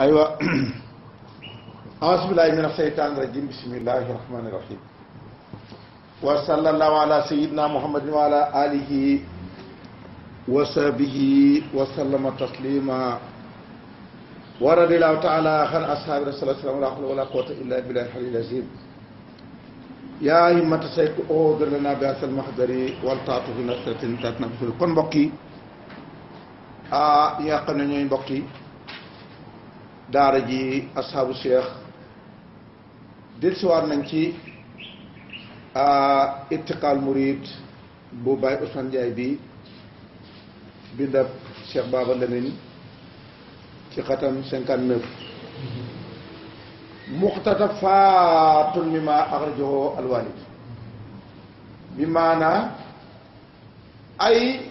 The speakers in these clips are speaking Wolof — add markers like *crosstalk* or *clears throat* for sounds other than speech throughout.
أيوة *clears throat* أعوذ بالله من الشيطان الرجيم بسم الله الرحمن الرحيم وصلى الله على سيدنا محمد وعلى آله وصحبه وسلم تسليما ورضي الله تعالى عن أصحاب رسول الله صلى الله عليه وسلم ولا قوة إلا بالله الحلي العظيم يا همة سيد أوغر لنا بأس المحضر والتعطف نصرة تتنفذ كن بقي آه يا قنن بقي daara ji asxaabu cheikh dellusiwaat nañ ci irtiqaal murid bu Baye Ousmane bi bindab Cheikh Baba Lamine ci xatam cinquante neuf mi ma axrajahu alwalid bi maanaa ay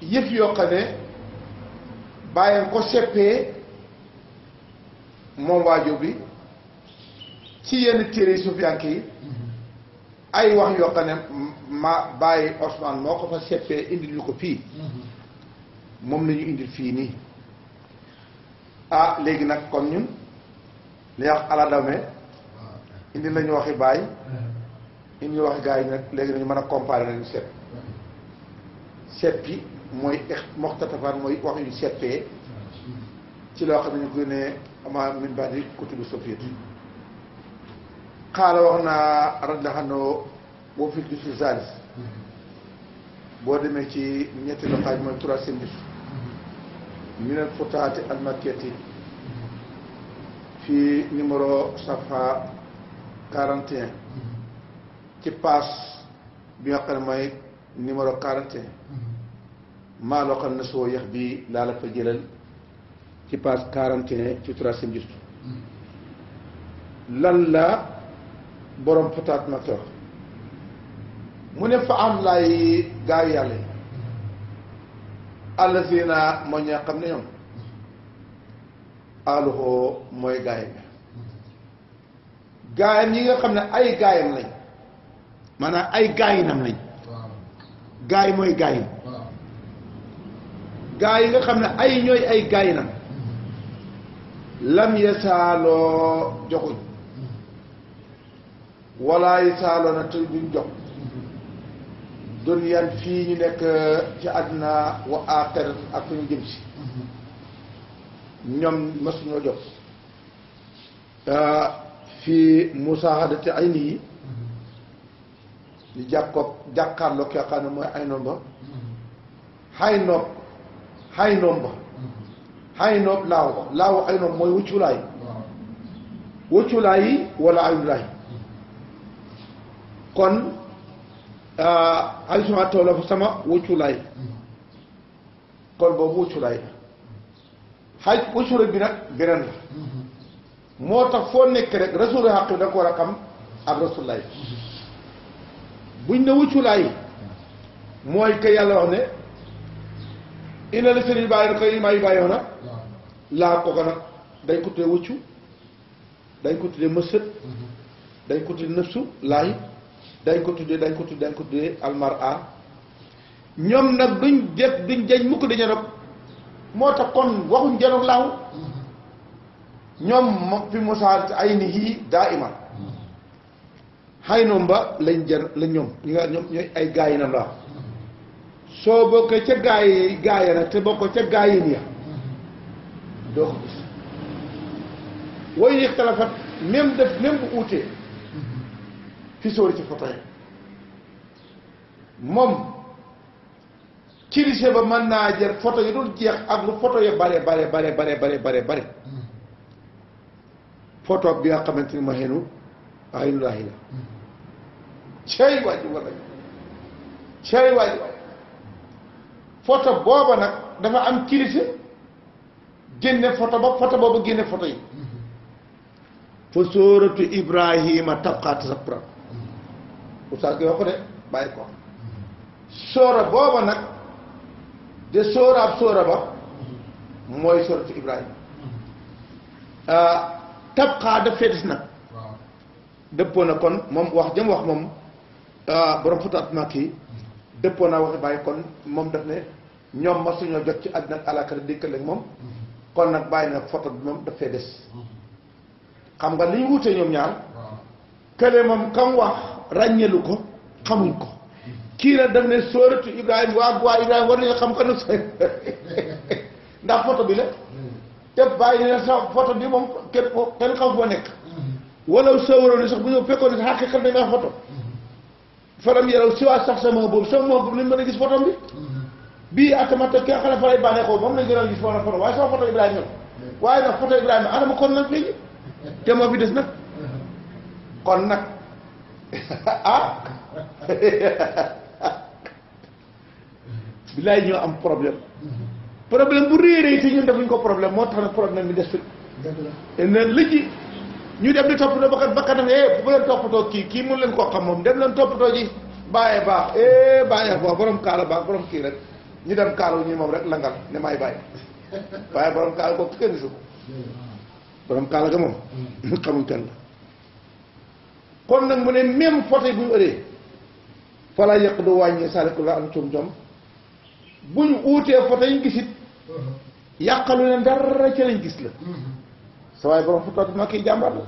yëf yoo ne bàyyam ko seppee moom waajur bi ci yenn téere sufiyanke yi ay wax yoo xam ne ma bàyyi Osman moo ko fa seppee indil ñu ko fii moom la ñu indil fii nii ah léegi nag kon ñu li wax aladame indi la ñu waxi bàyyi indi ñu waxi gars yi nag léegi nañu mën a comparer nañu sepp seppi mooy moxtatafaan mooy wax yu seppee ci loo xam ne ku ne ama min baadi kutubu soviet xaala wax naa radlaxanoo boo fi gisu salis boo demee ci ñetti loxaaj mooy troisième bis minel fotaati almaketi fii numéro safa 41 ci paas bi nga xam ne mooy numéro 41 maa loo xam ne soo yax bii laa la fa jëlal ci page quarante ci troisième juste lan la borom fataat na tox mu ne fa am lay gaayu yàlla yi àllazina mooy xam ne ñoom alluxoo gaayam yi nga xam ne ay gaayam lañ maanaam ay gaayinam lañ gaay mooy gaayam gaay nga xamne ay ñoy ay gaay na lam yasalo joxu wala yasalo na te duñ jox duniyaan fi ñu nek ci adna wa akhir ak ñu jëm ci ñom ñoom ñu jox ta fi musahadati ayni ñu jakko jakarlo ki xana moy ne ay noon ba xay nopp haynoob ba haynoob laaw laaw haynoob mooy wucculaay wucculaay wala ayulaay kon ah, ay suma tawla fa sama wucculaay kon boobu wucculaay la xay wuccula bi nag beneen la moo tax foo nekk rek rasuulu xaq bi da ko war a xam ak buñ ne wucculaay mooy que yàlla wax ne ina la sëriñ bàyyi ko yi may bàyyoo nag laa kooka nag dañ ko tuddee wëccu dañ ko tuddee mësët dañ ko tuddee nëfsu laay dañ ko tuddee dañ ko tuddee dañ ñoom nag duñ jëf duñ jañ mukk di janoog moo tax kon waxuñ janoog laaw ñoom moom fi mosaal ay ni hii daa iman xay noom ba lañ jan lañ ñoom ñi nga ñoom ñooy ay gaay yi nam laaw soo bokkee ca gaay yi gaay nag te bokkoo ca gaay yi ya doo ko gis way yëg talafat même def même bu uutee fi sóori ci photo yi moom kilise ba mën naa jël photo yi dul jeex ak lu photo ya bare bare bare bare bare bare photo bi nga xamante ni ma xenu aynu laahi la cey waaju wala cey waaju photo booba nag dafa am kilifa génne photo ba photo booba génne photo yi fa sóoratu ibrahima tabxaat sapra oustaz gi wax ko de bàyyi ko sóora booba nag de sóoraab sóora ba mooy sóoratu ibrahima ah, tabxaa daf fee nag dëppoo na kon moom wax jëm wax moom ah, borom foto at màkk yi dëppoo naa waxi bàyyi kon moom daf ne ñoom ma suñoo jot ci àddina ak alaaxira dikkal ak moom mm-hmm. kon nag bàyyi na photo bi moom daf fee mm-hmm. nga li ñu wutee ñoom ñaar kële moom kam wax ràññeelu ko xamuñ ko mm-hmm. kii nag daf ne sóoratu Ibrahima waa waa Ibrahima war xam kanu sooy *laughs* ndax photo bi la te bàyyi na sa photo bi moom kenn kenn xam foo nekk wala soo waroon sax bu ñu fekkoon ne xàq xam nañ nga photo falam yaraw si waa sax sama boobu sama boobu lañ mën a gis fotom bi bii atamata ki nga xam ne fa lay bànneexoo moom lañ gën a gis foto foto waaye sama foto Ibrahima la waaye nag kon nag léegi te moo fi des nag kon nag *laughs* ah *laughs* bilaay ñoo am problème problème bu réeré te ñun defuñ ko problème moo tax nag problème bi des fi. dëgg ñu dem di toppatoo bakkan bakkanam eh bu leen toppatoo kii kii mun leen koo xam moom dem leen toppatoo ji bàyyee baax eh bàyyee baax borom kaala baax borom kii rek ñu dem kaalawu ñu moom rek langal ne maay bàyyi waaye borom kaala boobu kenn gisu ko borom kaala ga moom *coughs* xamuñ kenn la kon nag mu ne même photo yi bu ñu ëree fala yëq du wàññi saliku la am cum jom bu ñu uutee photo yi gisit yàqalu ne dara ci lañ gis la sa waaye borom fu toog moo kii jàmbar la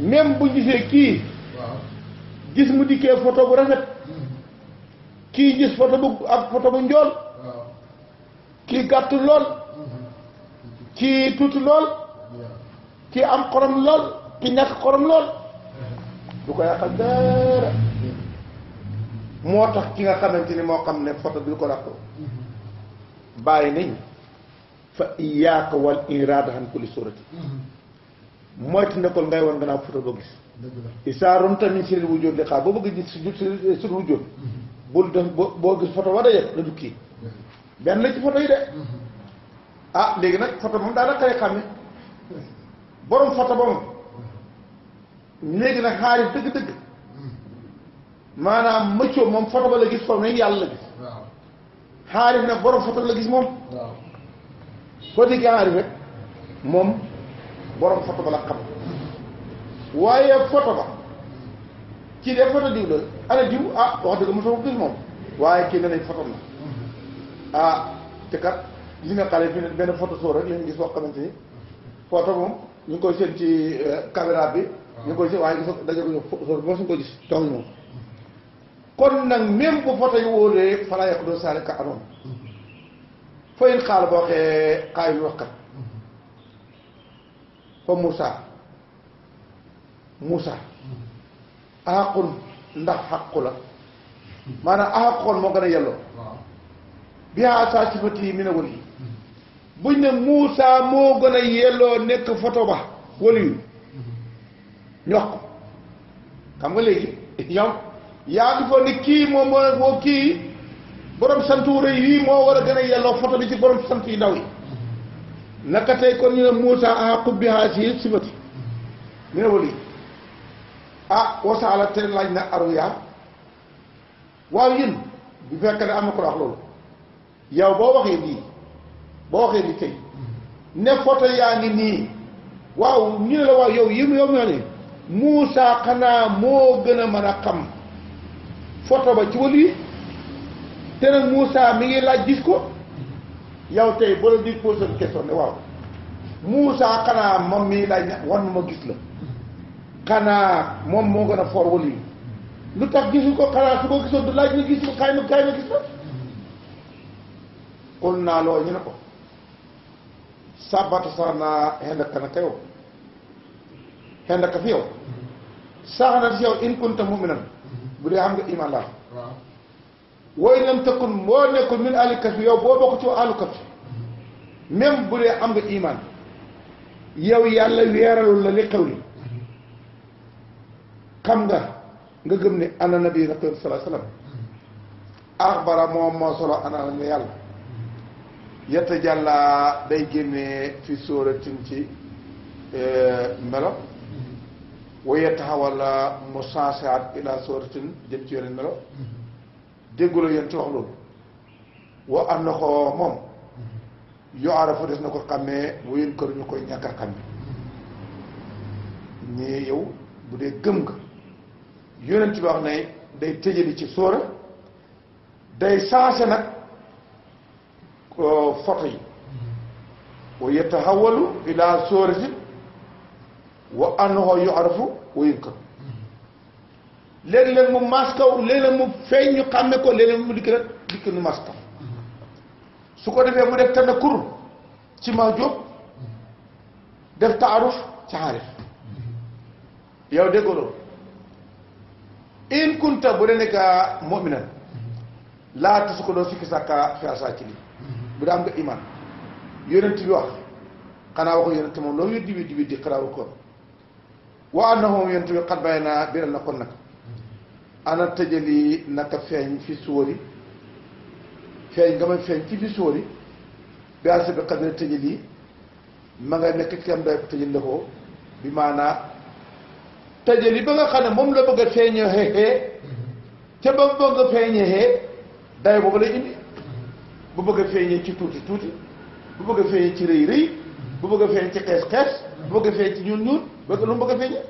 même bu gisee kii gis mu dikkee photo bu rafet kii gis photo bu ak photo bu njool kii gàtt lool kii tuuti lool kii am xorom lool ki ñàkk xorom lool du ko yàqal dara moo tax ki nga xamante ni moo xam ne photo bi ko ràpp bàyyi nañ fa iyaaka wal iraada xan kulli suurati mm-hmm. moytu ne kon ngay woon gannaaw photo boo gis isaa romta min siril wujjóot li xaar boo bëgg gis siril wujjóot mm-hmm. bul def boo gis photo ba daje la dukki benn la ci photo mm-hmm. ah, léegi nag photo moom daanaka xëy xàmme photo ba nag xaari dëgg-dëgg maanaam mëccoo moom photo ba la gis foog ne yàlla la gis xaari nag borom photo la gis moom soo déggee moom borom photo ba la xam waaye photo ba kii de photo diw la ana diw ah wax dëgg mosoo ko gis moom waaye kii danañ photo na ah te kat li nga xale benn photo soo rek lañu gis boo xamante ni photo moom ñu ngi koy seen ci euh, caméra bi ñu koy seen waaye gis daje ko soo moom suñu ko gis toog moom kon nag même bu photo yi wóoree falaa yàq doo saale ka anoon fa in xaal boo xee xaayul waxkat fa Moussa Moussa axaqun ndax xaqu la maanaam axaqoon moo gën a yelloo bi asa sifati mi ne wël yi buñ ne Moussa moo gën a yelloo nekk photo ba wël ñu wax ko xam nga léegi ñoom yaa ngi foog ne kii moom moo kii borom sant wu rëy yii moo war a gën a yelloo foto bi ci borom sant yu ndaw yi naka tey kon ñu ne Moussa ah xubbi haa si sifati ñu ne wali ah wasaala te laaj na aruya waaw yéen bu fekkee ne am na ko wax loolu yow boo waxee nii boo waxee nii tey ne foto yaa ngi nii waaw ñu ne la waaw yow yéen yow ñoo ne Moussa xanaa moo gën a mën a xam foto ba ci wali te nag Moussa mi ngi laaj gis ko yow tey ba la di posé question ne waaw Moussa xanaa moom mii laaj na wan ma gis la xanaa moom moo gën a for wala lu tax gisu ko xanaa su ko gisoon du laaj nga gis ko kaay ma kaay ma gis la xul naa loolu ñu ne ko sabata sax naa xendaka na ka yow xendaka fi yow sax na si yow in kunta muminan bu dee xam nga iman laa wa in lam takun boo nekkul min ahli kaf yow boo bokk ci ahlu kaf même bu dee am nga yow yàlla weeralul la li xew li nga nga gëm ne ana nabi rasuul salaa sallam axbara moom moo solo ana ne yàlla yetta jàlla day génnee fi sóoratin ci eh, melo wa yetta xawala mu sansaat ila sóoratin jëm ci yeneen melo dégguloo yéen ci wax loolu wa am na ko moom yoo arafa des na ko xàmmee wéyun kër ñu koy ñàkk a xàmme ñee yow bu dee gëm nga yonent wax ne day tëjali ci sóora day saase nag foto euh, yi wa yetahawalu ilaa sóora si wa annahu yu'rafu wa yunkar léeg-léeg mu mas kaw léeg-léeg mu feeñ ñu xàmme ko léeg-léeg mu dikk rek dikk ñu su ko defee mu def tanakur ci maajob def taaruf ci xaarif yow dégg loolu in kunta bu dee nekka muminan laata su ko doon sikki sàkka fi ci lii bu daa am nga iman yonent bi wax xanaa waxu yonent moom loo weddi weddi weddi xanaa waxu ko wa na yonent bi xat bàyyi naa biral na kon nag ana tëjali naka feeñ fi suwari feeñ nga may feeñ ci fi suwari bi àll bi xam ne ma nga nekk ci am day ko tëjal ko bi maanaa tëjali ba nga xam ne moom la bëgg a feeñee xeexee te ba bëgg a feeñee day boobu lay indi bu bëgg a ci tuuti tuuti bu bëgg a ci rëy rëy bu bëgg a ci xees xees bu bëgg a ci ñuul ñuul lu mu bëgg a feeñee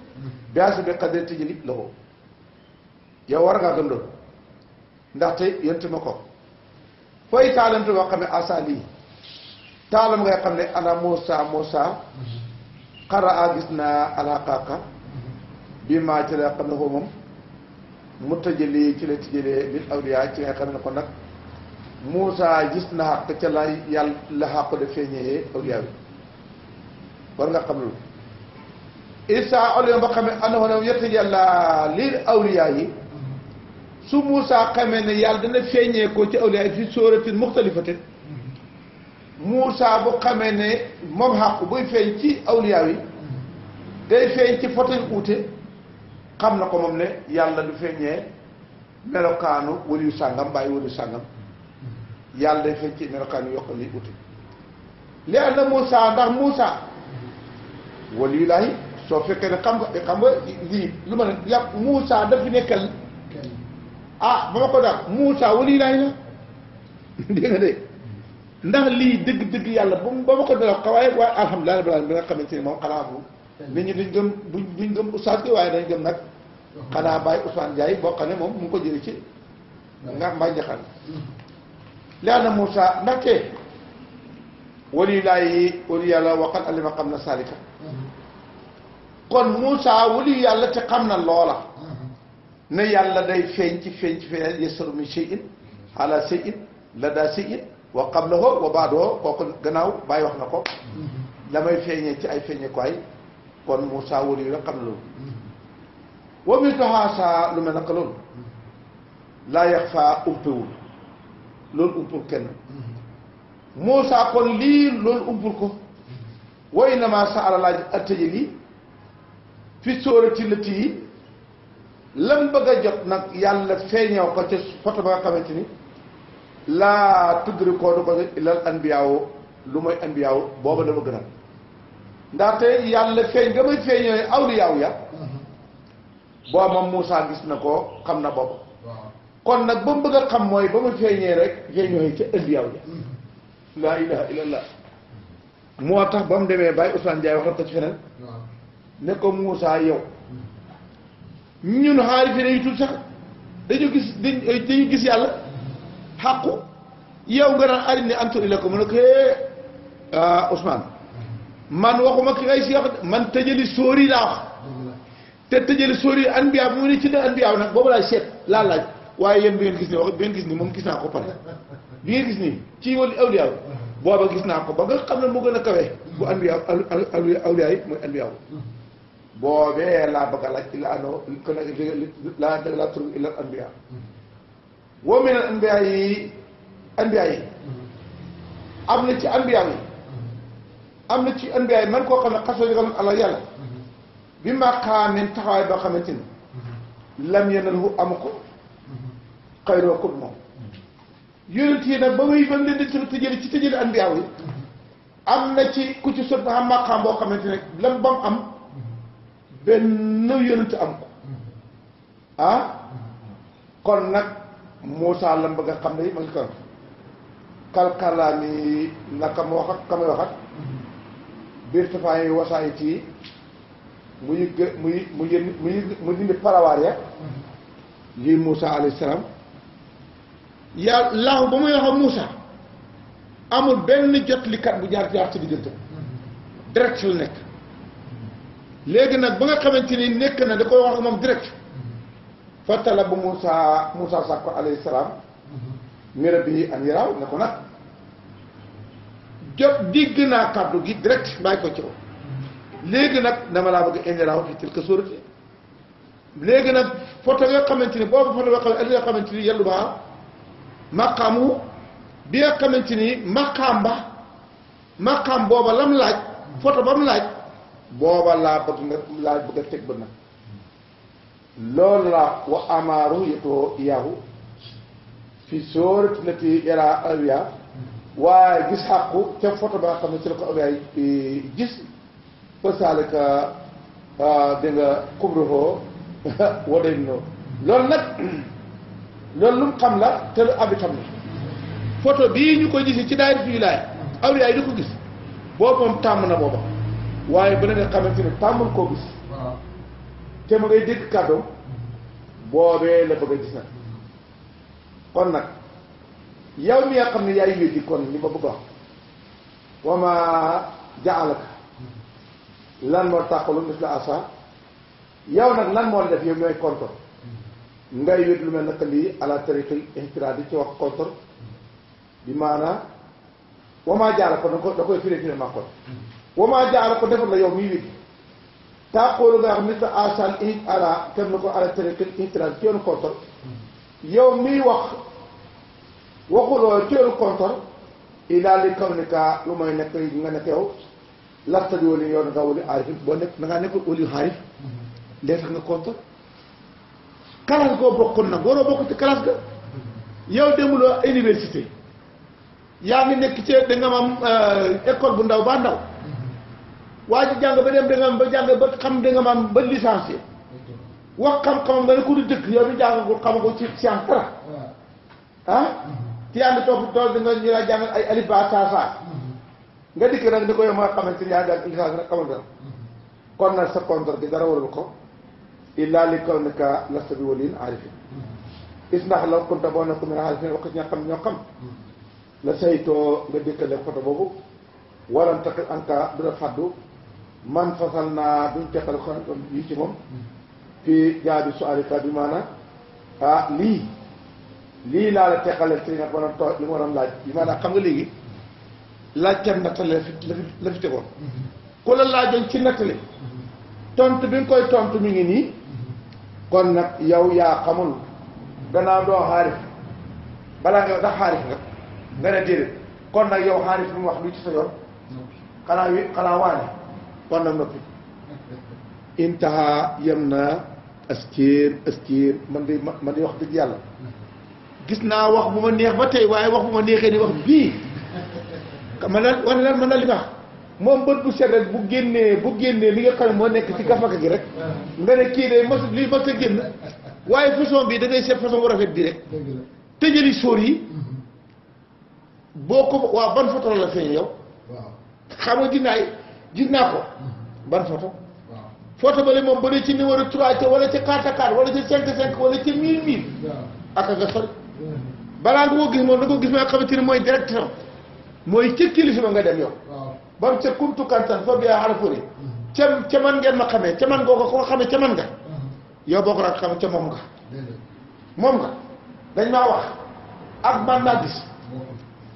bi àll bi xam ne yow war ngaa gëm loolu ndaxte yontu ma ko fooy taalamte boo xam ne asa lii taalam ngay xam ne ana Moussa Moussa xara a gis naa alaxaqa bi maa ci la xam ne ko moom mu tëjëlee ci la tëjëlee bil awliya ci nga xam ne ko nag Moussa gis na xàq ca la yàlla la xàq de feeñee awliya war nga xam loolu isa awliya ba xam ne ana woon yàlla lii awliya yi su Moussa xamee ne yàlla dana feeñee ko ci awliyaa fi sóoratin muxtalifatin Moussa bu xamee ne moom xàqu buy feeñ ci awliyaa yi day feeñ ci fotoñ uute xam na ko moom ne yàlla du feeñee melokaanu waliyu sàngam bàyyi waliyu sàngam yàlla day feeñ ci melokaanu yokkal li uute li ànd na Moussa ndax Moussa waliyu laay soo fekkee ne xam nga xam nga lii lu ma ne yàpp Moussa dafa nekkal ah ba ko daal Moussa wali la *laughs* dégg nga de ndax lii dëgg-dëgg yàlla ba ko dal ka waaye waaye alhamdulilah rabbil alamin bi nga xamante ni moom xanaa bu nit ñi duñ gëm duñ duñ gëm oustaz waaye dañ gëm nag xanaa bàyyi Ousmane Ndiaye boo xam moom mu ko jëlee ci nga mbay jaxal leer na Moussa ndaxte wali laay wali yàlla waxal alima xam na salika mm-hmm. kon Moussa wali yàlla te na loola ne yàlla day feeñ ci feeñ ci feeñ yasaru min shay'in ala shay'in la daa shay'in wa qablahu wa ba'dahu kooku gannaaw bàyyi wax na ko mm-hmm. la may feeñee ci ay feeñeekuwaay kon Moussa wóor yi la xam loolu mm-hmm. wa min taxaasaa lu mel naka loolu mm-hmm. laa yax faa umpewul loolu umpul kenn Moussa kon lii loolu umpul ko wa innamaa sa'ala laaj attajali fi sóorati lati lam bëgg a jot nag yàlla feeñoo ko ca foto ba nga xamante ni laa tuddri koo du ko illal anbiyaawu lu mooy anbiyaawu booba dama gënal ndaxte yàlla feeñ nga may feeñoo awliyaaw ya boo moom Moussa gis na ko xam na booba kon nag ba mu bëgg a xam mooy ba mu feeñee rek feeñoo ca anbiyaaw ya laa ilaha illallah moo tax ba mu demee Baye Ousmane Ndiaye wax ko ci feneen ne ko Moussa yow ñun xaarifina yu tudd sax dañu gis eh, dañu gis yàlla xàqu yow nga naan arin ne anturi la ko mu ne ko eh, ah Ousmane man waxuma ki ngay si wax man tëjali sóori laa wax te tëjali sóori anbiyaa bu mu ne ci ne anbiyaa nag boobu laay seet laa laaj waaye yéen bi ngeen gis ni bi ngeen gis ni moom gis naa ko pare bi ngeen gis nii ci wàllu awliyaa booba gis naa ko ba nga xam ne mu gën a kawee bu anbiyaa awliyaa mooy anbiyaa boobee laa bëgg a laaj illa ano ko nag laa dëgg laa turu illa anbiya mm-hmm. woo mel ne anbiya yi anbiya yi mm-hmm. am na ci anbiya yi mm-hmm. am na ci anbiya yi man koo xam ne xasoo yoon ala yàlla bi ma xaameen taxawaay boo xamante ni lam yeneen wu amu ko xayroo ko moom yonent yi nag ba muy ba mu leen di sunu tëjëli ci tëjëli anbiya yi am na ci ku ci sot ba xam maqaam boo xamante ne lam ba mu am benn yonent am ko ah? kon nag Moussa la bëgg a xam ne ma ngi koy kalkalaa ni naka ma wax ak ka may wax ak biir tafaa yi wasaay ci muy gë muy muy muy mu dindi parawaar ya lii Moussa alayhi salaam yaa laahu ba muy wax ak Moussa amul benn jotlikat bu jaar jaar ci diggante direct la nekk. léegi nag ba nga xamante ni nekk na da koy wax moom direct mm-hmm. fa talabu Moussa Moussa Sakko alayhi salaam mm-hmm. mi rabbi an yaraaw ne ko nag jot digg naa kàddu gi direct bàyyi ko ci kaw mm-hmm. léegi nag dama laa bëgg an yaraaw fi tilka suurati léegi nag foto nga xamante ni boobu foto nga xamante ni yàlla baax maqaamu bi nga xamante ni maqaam ba maqaam booba lam laaj foto ba mu laaj. booba laa bëgg nga laa bëgg a teg ba nag loolu la wa amaaru yëtoo yahu fi sóorati na ti yaraa awiya waaye gis xàqu ca photo ba xam ne ci la ko awiya eh, gis fasaalika ah, di nga kubruhoo *laughs* waday noo loolu nag *clears throat* loolu lu xam la te lu ab la photo bii ñu ko gisi ci daay bi laay awiya di ko gis boobu moom tàmm na booba waaye bu la nga xamante ni tàmbal koo gis te ma ngay dégg kàddoom boobee la bëgg a gis nag kon nag yow mi nga xam ne yaay wéddi kon li ma bëgg a wax wama lan moo tàqalu mis la asa yow nag lan moo def yow ñooy contre ngay wét lu mel naka lii àla tariqi intiradi ci wax contre bi maanaa wama jaalaka da koy firee fi maa kon wamaa jaala ko defar la yow miy wér taaxoolu nga xam ne asaan in ala tem na ko ala tariqil intiraj ci yoonu kontor yow miy wax waxuloo ci yoonu kontor ilaa li kawnika lu may nekk nga nekk yow lasta di wali yow da ngaa wali aarifin boo nekk da ngaa nekkul wali aarif lee tax nga kontor kalaas goo bokkul nag waroo bokk ci ga yow demuloo université yaa ngi nekk ci da nga am euh, bu ndaw baa ndaw waa ji jàng ba dem da ba jàng ba xam da nga am ba licencié wax xam-xamam nga ne ku du dëkk yow du jàngagul xamagul ci science dara ah ci yaa ngi toog tool di nga ñu laa jàngal ay alif ba saa mm-hmm. nga dikk nag ni ko yow ma xamante ni yaa ngi am licence dara kon nag sa contre bi dara warul ko illa li kawnika lasta bi waliin arifin mm-hmm. is ndax law kunta boo nekku min arifin wax ñoo xam ñoo xam la mm-hmm. saytoo nga dëkkale photo boobu walan taqi anka du la faddu man fasal naa duñ teqal xol yi ci moom fii jaabi su alika bi maanaam lii lii laa la teqaleel ci li nga waroon too li ma waroon laaj bi maanaam xam nga léegi laajteem nattale la fi la fi tegoon ku la laajoon ci nattale tontu bi nga koy tontu mi ngi nii kon nag yow yaa xamul gannaaw doo xaarif balaa nga dax xaarif nga nga ne déedéet kon nag yow xaarif bi mu wax lu ci sa xanaa wi xanaa waane kon nag noppi intaha yem na askiir askiir man di man di wax dëgg yàlla gis naa wax bu ma neex ba tey waaye wax bu ma neexee ni wax bii man daal wane ma wax moom bët bu set rek bu génnee bu génnee li nga xam moo nekk ci gafaka gi rek nga ne kii de mas li mas a génn waaye façon bi da ngay seet façon bu rafet bi rek tëjali sóor yi mm-hmm. boo ko waaw ban photo la feeñ yow xam nga gis gis naa ko ban photo photo bale moom ba ne ci numéro 3 ca wala ca 4 4 wala ca 5 5 wala ca 1000 1000 ak nga sori balaa nga ko gis moom da ko gis ma nga mooy direction mooy ca kilifa nga dem yow ba mu ca kumtukan sax fa biyaa xarafuri ca ca man ngeen ma xamee ca man ngoo ko koo xamee ca man nga yow boo ko rak xam ca moom nga moom nga dañ maa wax ak man naa gis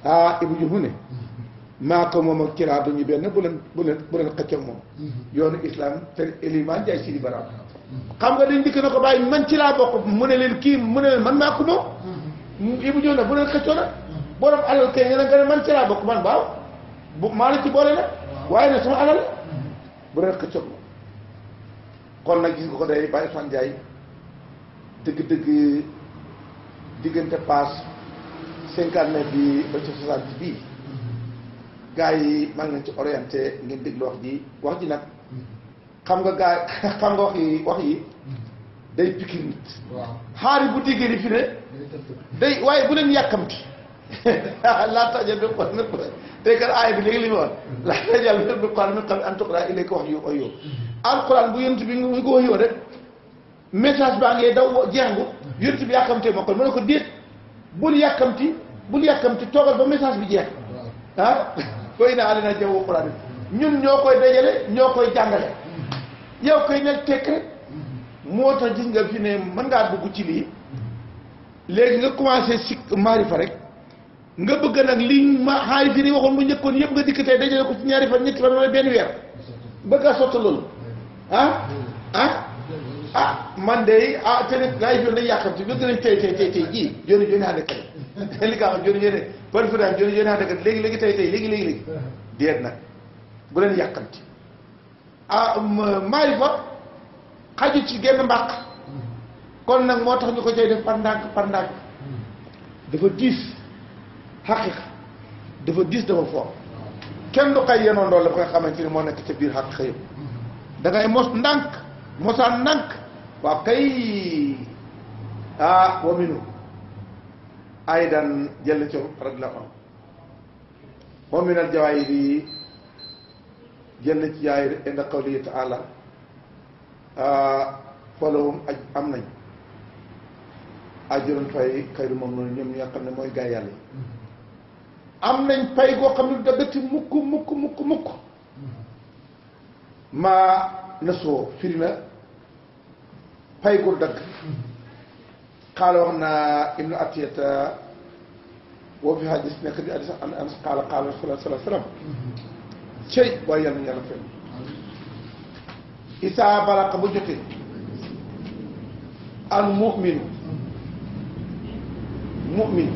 ah ibu ju mu ne hmm. maa moom a kiraat duñu benn bu leen bu leen bu leen xëcc moom mm-hmm. yoonu islam te éliman jaay si di baraam mm-hmm. xam nga dañ dikk na ko bàyyi man ci laa bokk mu ne leen kii mu ne leen man maa moom yi mm-hmm. bu ñëw na bu leen xëccoo nag borom alal kay ne man ci laa bokk man baaw bu maa la ci boole nag waaye nag suma kon nag gis nga ko day bàyyi fan jaay dëgg-dëgg diggante paas cinquante neuf bi ba ci soixante bii gars yi maa ngi leen ci orienté ngeen déglu wax ji wax ji nag mm-hmm. xam nga gars *laughs* xam nga wax yi wax yi mm-hmm. day pikir nit xaari bu diggéeni fi ne day waaye bu leen yàkkamti *laughs* laa tajal bi xool mi tey kat aaya bi léegi li mu wax laa tajal bi xool mi xam ne an tuqra ilayka wax yu oy yow alquran bu yonent bi ñu ko wax yow rek message baa ngee daw jeexngu mm-hmm. yonent bi yàkkamtee ma kon ma ne ko déet bul yàkkamti bul yàkkamti toogal ba message bi jeex ah? wa inna alaynaa jam'ahu wa qur'aanahu ñun ñoo koy dajale ñoo koy jàngale yow koy nekk tekk rek moo tax gis nga fi ne mën ngaa dugg ci lii léegi nga commencé si maarifa rek nga bëgg nag li ma xaari fi ni waxoon bu njëkkoon yëpp nga dikk tey dajale ko ci ñaari fan ñetti fan wala benn weer bëgg a sotti ah ah ah man de ah te nit laay jot nañu yàqamti bëgg nañ tey tey tey tey jii joni joni hande kadi *laughs* li nga xam joni joni par fida léegi léegi léegi léegi léegi nag bu leen yàqamti ah maarifa xaju ci genn mbàq kon nag moo tax ñu ko cay def par ndànk par ndànk dafa diis xaqiq dafa diis dafa foog kenn du xay yenoon loolu la ba nga xamante ni moo nekk ca biir xaqiqa yëpp da ngay ndànk mosaan nank waaw kay ah wa minhu aydan jël ci radiyallahu anhu wa min al jawaahiri jël ci jawaahir inda qawlihi taala falahum aj am nañ ajurun fay xayru moom noonu ñoom ñi xam ne mooy gaay yàlla am nañ pay goo xam ne da mukk mukk mukk maa nasoo firi na pay gu dëgg xaala wax na ibnu atiyata boo fi xadis nekk di hadis an anas xaala xaala rasulullah sallallahu alayhi wasallam cëy waaye yal na yàlla fay isaa balaqa bu jotee al mu'minu mu'min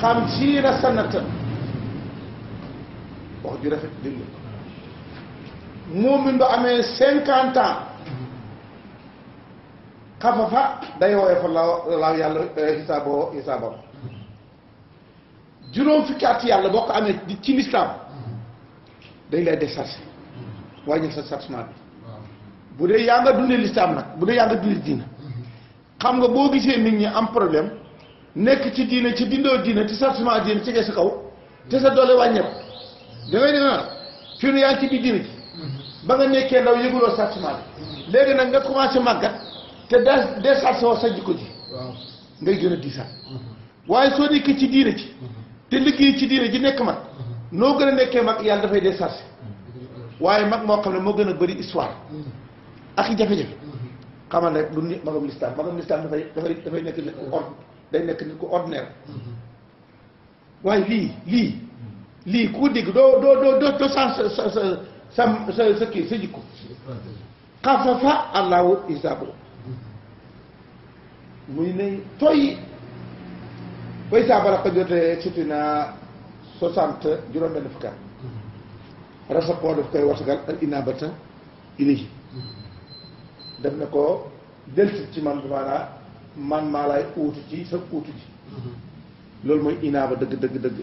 xamsiina sanatan wax ju rafet dégg mu'min ba amee cinquante ans xafafa day woyofal la laaw yàlla xisaaboo eh, xisaabam juróom fukki at yàlla boo ko amee di ci lislaam dañ lay déchargé wàññil sa chargement bi bu dee yaa nga dundee lislaam nag bu dee yaa nga dundee diina xam nga boo gisee nit ñi am problème nekk ci diina ci dindoo diina te chargement diina ci sa kaw te sa doole wàññeeku da ngay defe naa fii nu yaa ngi ci biir diina ji mm-hmm. ba nga nekkee ndaw yëguloo chargement bi mm-hmm. léegi nag nga commencé màggat te des de sa wax sa jikko ji ngay gën a diisaat waaye soo nekkee ci diine ji te liggéey ci diine ji nekk mag noo gën a nekkee mag yàlla dafay de si waaye mag moo xam ne moo gën a bari histoire ak i jafe-jafe xamal ne du nit magam lislaam magam lislaam dafay dafay dafay nekk nit ku ord day nekk nit ku ordinaire waaye lii lii lii ku dégg doo doo doo doo doo sa sa sa sa sa kii sa jikko xafafa allahu isaabu muy ne toy way saa baraka jotee suti soixante juróom-benn fukki rasakoo daf koy warsagal al inabata ilahi def na ko delsi ci man bi maanaa man maa laay uutu ci sa uutu ji loolu mooy inaaba dëgg dëgg dëgg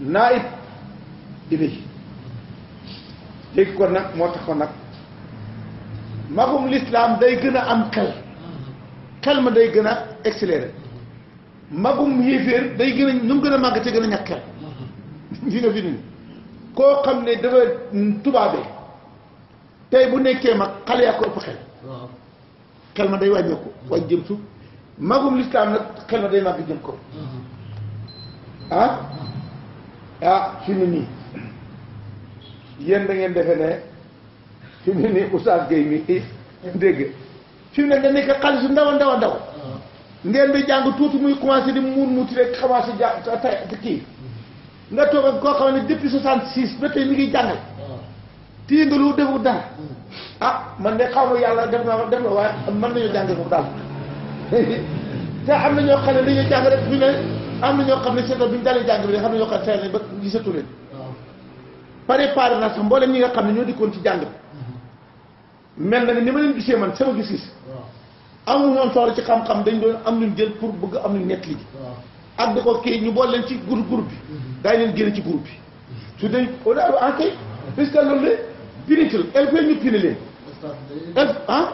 naa it ilahi léegi kon nag moo tax ko nag magum l'islam day gën a am xel xel ma day gën a accéléré magum yéeféer day gën a nu gën a màgg te gën a ñàkk xel li *laughs* nga fi nii koo xam ne dafa tubaabe tey bu nekkee mag xale yaa ko ëpp xel xel ma day wàññeeku wàññi jëm suuf magum lislaam nag xel ma day màgg jëm ko mm-hmm. ah ah nii yéen da ngeen defe ne fi nii Oustaz Gueye mi dégg fi ne dañ nekk xaalis su ndaw a ndaw a ndaw mm. ngeen di jàng tuuti muy commencé di muur muuti rek commencé ja ta kii mm. nga toog koo xam ne depuis 66 ba tey mi ngi jàngal. Mm. tii nga lu defu dara. ah man de xaw ma yàlla def naa def na waaye mën nañu jàng foofu daal *laughs* te am na ñoo xam ne dañuy jàng rek fi ne am na ñoo xam ne seetal bi ñu dalee jàng bi xam ne ñoo xam ne seetal ba gisatu leen. préparé na sax mboolem ñi nga xam ne ñoo dikkoon ci jàng bi. Mm-hmm. mel na ne ni ma leen gisee man sama gis-gis. amul woon soxla ci xam-xam dañ doon am luñ jël pour bëgg am luñ nekk liggéey ak di ko kii ñu boole leen ci groupe groupe bi daañu mm-hmm. leen ci groupe bi su dee oo delà du enquête puisque loolu la pinitul elle peut ñu pini leen. ah.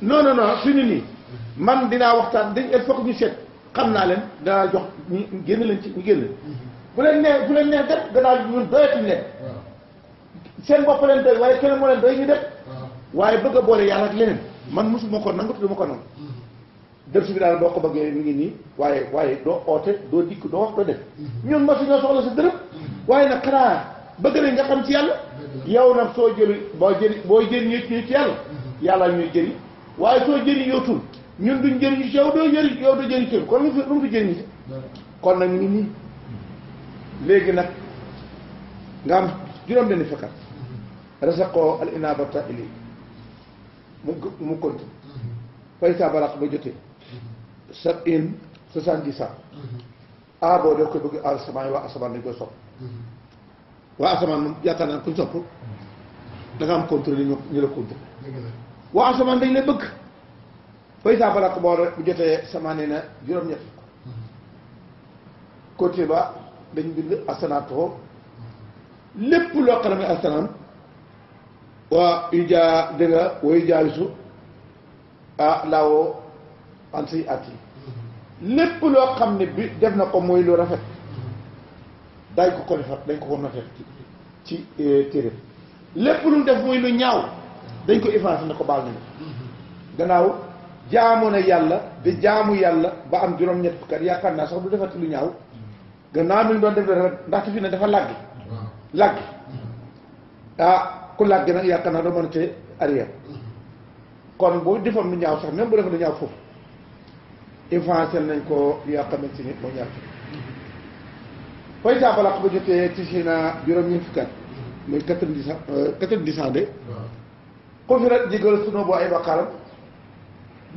non non non fi nii mm-hmm. man dinaa waxtaan dañ il faut ñu seet xam naa leen danaa jox ñu génn leen ci ñu génn mm-hmm. bu leen nee bu leen nee def gannaaw ñun seen bopp leen doy waaye keneen moo leen doy ñu def. waaye bëgg a boole yàlla ak leneen man mosuma ko nangu duma ko nangu dërsu bi daal boo ko bëggee mi ngi nii waaye waaye doo oote doo dikk doo wax doo def mm-hmm. ñun mosu ñoo soxla sa dërëm mm-hmm. waaye nag xanaa bëgg nañ nga xam ci yàlla mm-hmm. yaw nag soo jëli boo jëri boo jëri ñu ci yàlla yàlla ñuy jëri waaye soo jëri yootul ñun duñ jëriñu si yow doo jëri yow doo jëri ci kon lu si kon nag ngi nii léegi nag nga am juróom benn fakkat rasaqoo al inabata ilay mu mu continue faysa balaq ba jotee sab soixante-dix ans a boo def ko bëgg asamaan yi waa asamaan dañ koy sopp waa asamaan moom yaakaar naa kuñ sopp da nga am contrôle ñu ñu la contrôle waa asamaan dañ lay bëgg faysa balaq boo bu jotee samaane na juróom-ñett côté ba dañ bind asanaatoo lépp loo xam ne wa yu jaa dégg nga wa yu jaalisu ah laawoo an si at yi mm-hmm. lépp loo xam ni bi def na ko mooy lu rafet mm-hmm. dañ ko ko defar dañ ko ko noter ci eh, téere lépp lu mu def muy lu ñaaw dañ ko effacé na ko baal nañu mm-hmm. gannaaw jaamu na yàlla di jaamu yàlla ba am juróom-ñett kat yaakaar naa sax du defati lu ñaaw gannaaw mi ngi doon def rafet ndaxte fi ne dafa làggi làggi ah, ku laaj gi nag yaakaar naa doo mën kon bu defoon lu ñaaw sax même bu defoon lu ñaaw foofu influencé nañ ko yoo xamante ni moo ñaaw fooy jàppalak bu jotee juróom-ñeent fukki muy quatre-vingt-dix euh, quatre de ku fi rek jégal sunu boo ay bakkaaram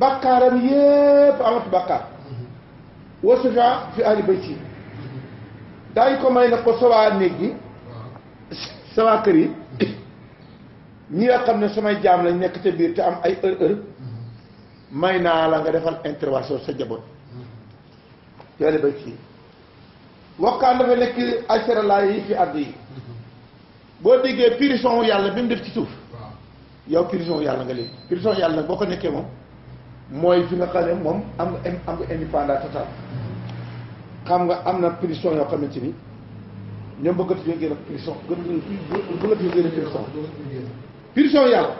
bakkaaram yépp amatu bakkaar mm-hmm. wasufa fi ahli bayti mm-hmm. daañu ko may na ko sawaa néeg yi sawaa kër yi ñi nga xam ne samay jaam lañ nekk ca biir te am ay heure heure may naa la nga defal intervention sa jaboot yooyu bay fii wakkaan dafa nekk ay seralaay yi fi àdd yi boo déggee prison yàlla bi mu def ci suuf yow prison yàlla nga léegi prison yàlla nag boo ko nekkee moom mooy fi nga xam ne moom am nga am nga indépendant xam nga am na prison yoo xamante ni ñoom bëggatu ñoo génn prison gën gën a prison prison yàlla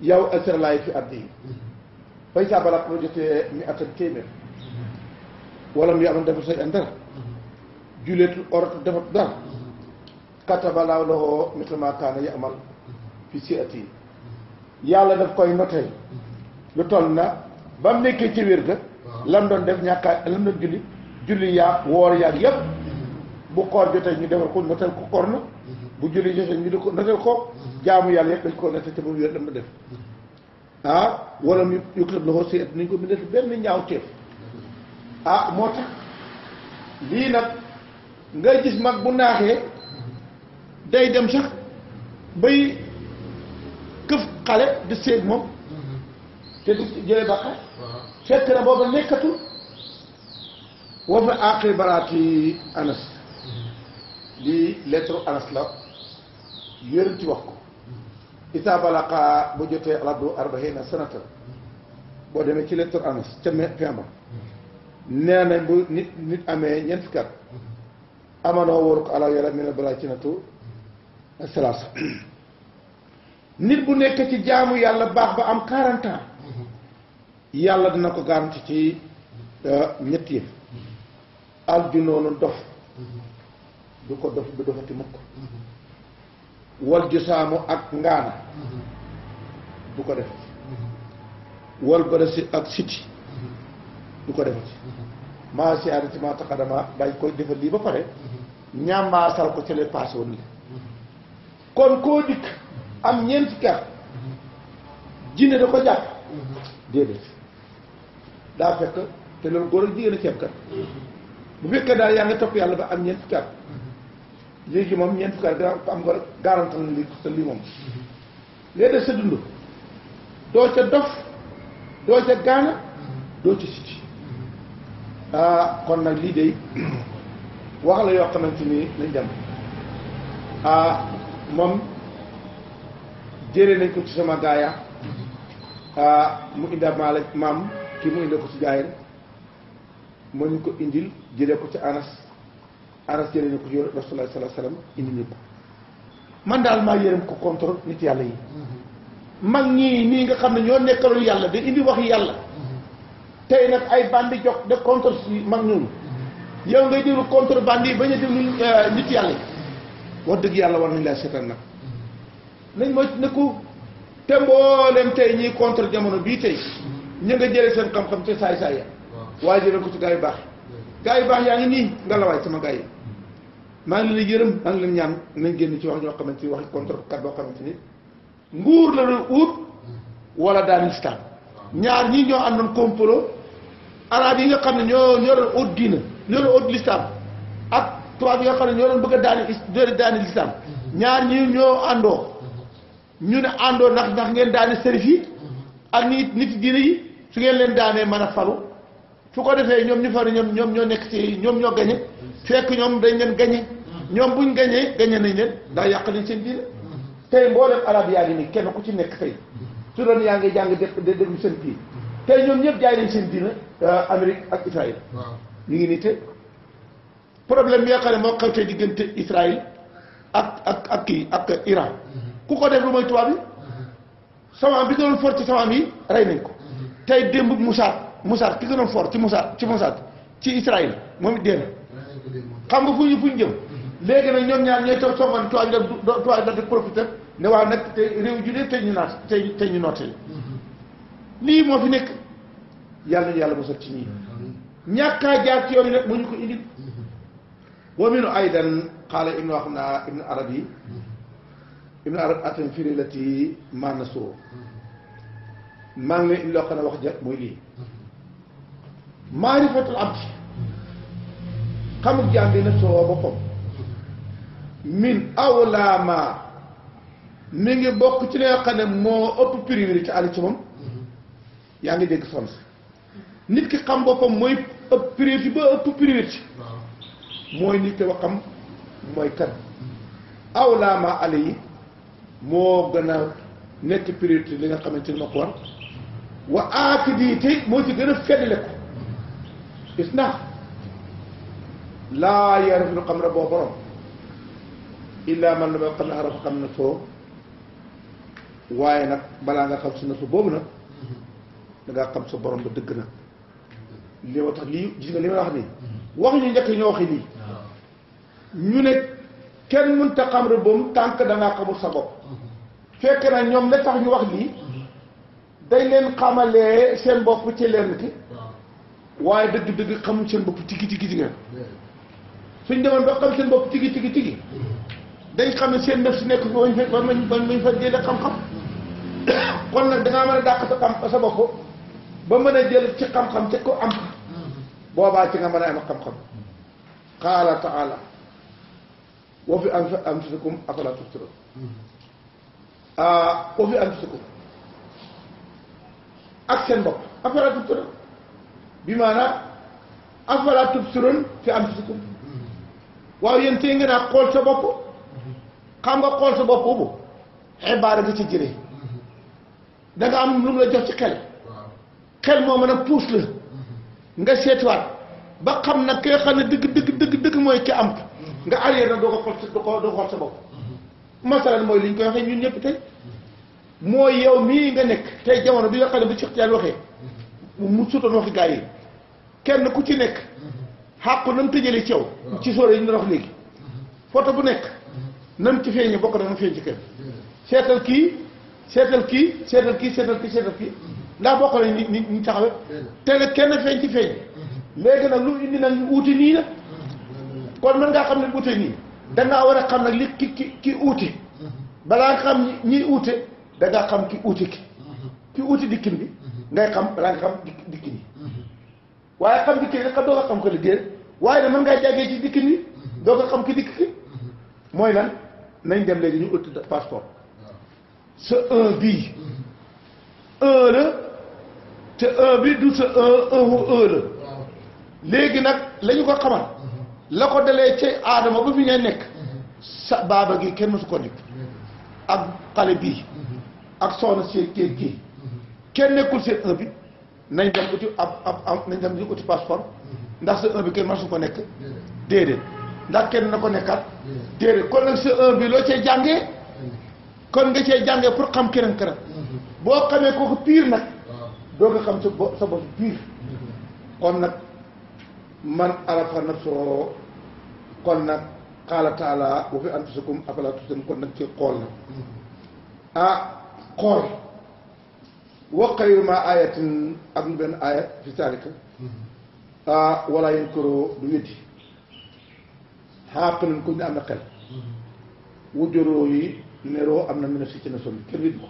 yow asar laay fi abdi yi fay saa balaa ko jotee mi atal téeméer wala mu yàlla defal say an dara juleetul defal dara kataba laaw loxo mitama kaana ya fi si at yi yàlla def koy noteel lu toll na ba mu nekkee ci wér ga lam doon def ñàkkaay lam doon julli julli yaag woor yaag yëpp bu koor jotee ñu defal ko koor na bu julli jotee ñu di ko nettal ko jaamu yàlla yëpp dañ ko nettal ca ba wér dama def ah wala mu yuktab na ko seet nañ ko bindal benn ñaaw teef ah moo tax lii nag ngay gis mag bu naaxee day dem sax bay këf xale di seet moom te du jële bàkkaar fekk na booba nekkatul wa fa aqibaraati anas mm-hmm. lii lettre anas la yonent ci wax ko ita balaqa bu jotee alabdu arbahiina sanatan boo demee ci lettre anas ca fin ba nee bu nit nit amee ñeent fukki at amanoo wóor ko ala yàlla mi balaa ci natu salaasa nit bu nekk ci jaamu yàlla baax ba am 40 ans yàlla dina ko garanti ci euh, ñett yëf aljunoonu dof du ko dof du dofati mukk wal jisaamu ak ngaana bu mm-hmm. ko defati mm-hmm. wal bërësi ak siti bu mm-hmm. ko defati maa siyaari ci maa taqadama dañ koy defal lii ba pare ñaamaasal ko ci lay passé woon la kon koo dikk am ñeenti kar jinne da ko jàpp déedéet daa fekk te loolu góor ak jigéen a ceeb kat bu fekkee daal yaa ngi topp yàlla ba am ñeenti kar léegi moom ñeent fukki at am nga garanti na li sa lii moom léegi sa dund doo ca dof doo ca gaana doo ca siti ah, kon nag lii de *clears throat* wax la yoo xamante ni lañ dem ah moom jëlee nañ ko ci sama gaaya ah, mu inda maa la maam kii mu indi ko ci jaayir moo ñu ko indil jëlee ko ci anas aras jëlee na ko ci rasulullah sallallahu alayhi wasallam indi ñu man dal ma yërëm ko contre nit yalla yi mag ñii ni nga xamne ñoo nekkalu yalla de indi wax yalla tay nak ay bandi jox de contre ci mag ñun yow ngay déglu contre bandi baña di euh, nit yalla wax deug yalla war nañ laa seetaan nag nañ ne ko te mbolem tay ñi contre jamono bi tay ñi nga jëlee seen xam-xam ci say say ya ko ci bax bax yaangi ni nga la way sama maa ngi leen di yërëm maa ngi leen ñaan nañ génn ci wax ñoo xamante ni wax contre kat boo xamante ni nguur la doon ut wala daal islam ñaar ñii ñoo na complot arab yi nga xam ne ñoo ñoo doon ut diina ñoo doon ut l'islam ak tubaab yi nga xam ne ñoo doon bëgg a daani ñoo daani ñaar ñii ñoo àndoo ñu ne àndoo ndax ndax ngeen daani sërif yi ak nit nit diina yi su ngeen leen daanee mën a falu su ko defee ñoom ñu fari ñoom ñoom ñoo nekk ci ñoom ñoo gañe fekk ñoom dañ leen gañe ñoom buñ gañee gañe nañ leen daa yàq nañ seen diine tey mboolem arab yaa ngi nii kenn ku ci nekk tey su doon yaa ngi jàng de déglu seen kii tey ñoom ñëpp jaay nañ seen diine euh, Amérique ak Israël ñu ngi nii problème bi nga ne moo xew tey diggante Israël ak ak ak kii ak Iran mm-hmm. ku ko def lu mooy tubaab yi mm-hmm. samaam bi gënoon fort ci samaam yi rey nañ ko mm-hmm. tey démb Moussa musaat ki gënoon fort ci Moussa ci Moussa ci Israël moom it dee na xam nga fu ñu fu ñu jëm léegi nag ñoom ñaar ñooy toog songoon tuwaay da tuwaay da di ne waaw nag te réew ju dee tey ñu naat tey ñu noote lii moo fi nekk yàlla nañu yàlla mosal ci ñii ñàkkaa jaar ci yoon yi mu ñu ko indi wa minu aydan qaala ibnu wax naa ibnu arab yi ibnu arab atam firilati maana soo maa ngi lay indi loo xam wax ja mooy lii maarifatul abdi xamuk jambi na sowo boppam min awlama mi ngi bokk ci nga xam ne moo ëpp priorité àll ci moom yaa ngi dégg sonse nit ki xam boppam mooy ëpp priorité ba ëpp priorité mooy nit ki waxam mooy kan awlama àll yi moo gën a nekk priorité li nga xamante ni ma ko war wa aakidi te moo ci gën a feddle ko اسنا لا يعرف القمر بوبرم الا من لم يقل لها رب قمنا فوق واي نك بلا نغا خم سنا فو بوبنا نغا خم سو بروم دغنا لي واخ لي جيس لي واخ ني واخ ني نك ني واخ ني ني نك كين مونتا قمر بوم تانك دا نغا خبو سا بوب فيك نا نيوم لا تاخ ني واخ لي داي لين خمالي سين بوب تي لين كي waaye dëgg-dëgg xamuñ seen bopp tigi tigi tigi suñ demoon ba xam seen bopp tigi tigi tigi dañ xam ne seen naf si nekk ba mañ fa ba mañ fa jële xam-xam kon nag dangaa mën a dàq sa xam sa bopp ba mën a jël ci xam-xam te ko am boobaa ci nga mën a am xam-xam qaala taala wa fi anfusikum afala tubsirun wa fi anfusikum ak seen bopp afala tubsirun bi maanaam afala tubsiruun fi anfusikum waaw yéen tey ngeen a xool sa bopp xam nga xool sa bopp boobu xibaar nga ci jëlee am lu mu jox ci xel xel moo mën a puus la nga seetuwaat ba xam nag ki nga xam ne dëgg dëgg dëgg dëgg mooy ki am nga arrière na doo ko xool sa doo ko xool sa bopp masalan mooy li ñu koy waxee ñun ñëpp tey mooy yow mii nga nekk tey jamono bi nga xam ne bu ci yàlla waxee mu mu sutanoo fi gars yi kenn ku ci nekk xàqu nam tëjale ci yow ci sóore yi ñu doon léegi photo bu nekk nam ci feeñee bokk na nam feeñ ci kenn seetal kii seetal kii seetal kii seetal kii seetal kii ndax bokk nañ ni ni ñu taxawe te nag kenn feeñ ci feeñ léegi nag lu indi nag ñu uuti nii nag kon mën ngaa xam ne uute nii dangaa war a xam nag li ki ki ki uute balaa nga xam ñi uute dangaa xam ki uuti ki ki uute dikkin bi ngay xam balaa nga xam dikk ni waaye xam dikk ni nag xam ngaa jàggee ci dikk ni doo ko xam ki dikk ki mooy lan nañ dem léegi ñu ut passeport sa un bii un la un bi du sa un un léegi nag lañu ko xamal la ko dalee ci aadama ba fi ngay nekk sa baaba gi kenn mësu ko nekk ak xale bii ak soxna si kéeg gi kenn nekkul seen bi nañ dem uti ab ab am nañ dem di uti passeport ndax seen un bi kenn man su ko nekk déedéet ndax kenn na ko nekkaat déedéet kon nag seen bi loo cee jàngee kon nga cee jàngee pour xam këram këram boo xamee kooku piir nag doo ko xam sa bo sa bopp piir kon nag man arafa nafsoo kon nag xaala taala wa fi anfusikum afala tusirun kon nag ci xool na ah, xool wa xayruma ayatin ak mu benn ayat fi taalika mm-hmm. ah, wala yéen koroo du weddi xaaqalin ku ne am na xel mm-hmm. yi neroo am na mën a si ci na sonn mm-hmm.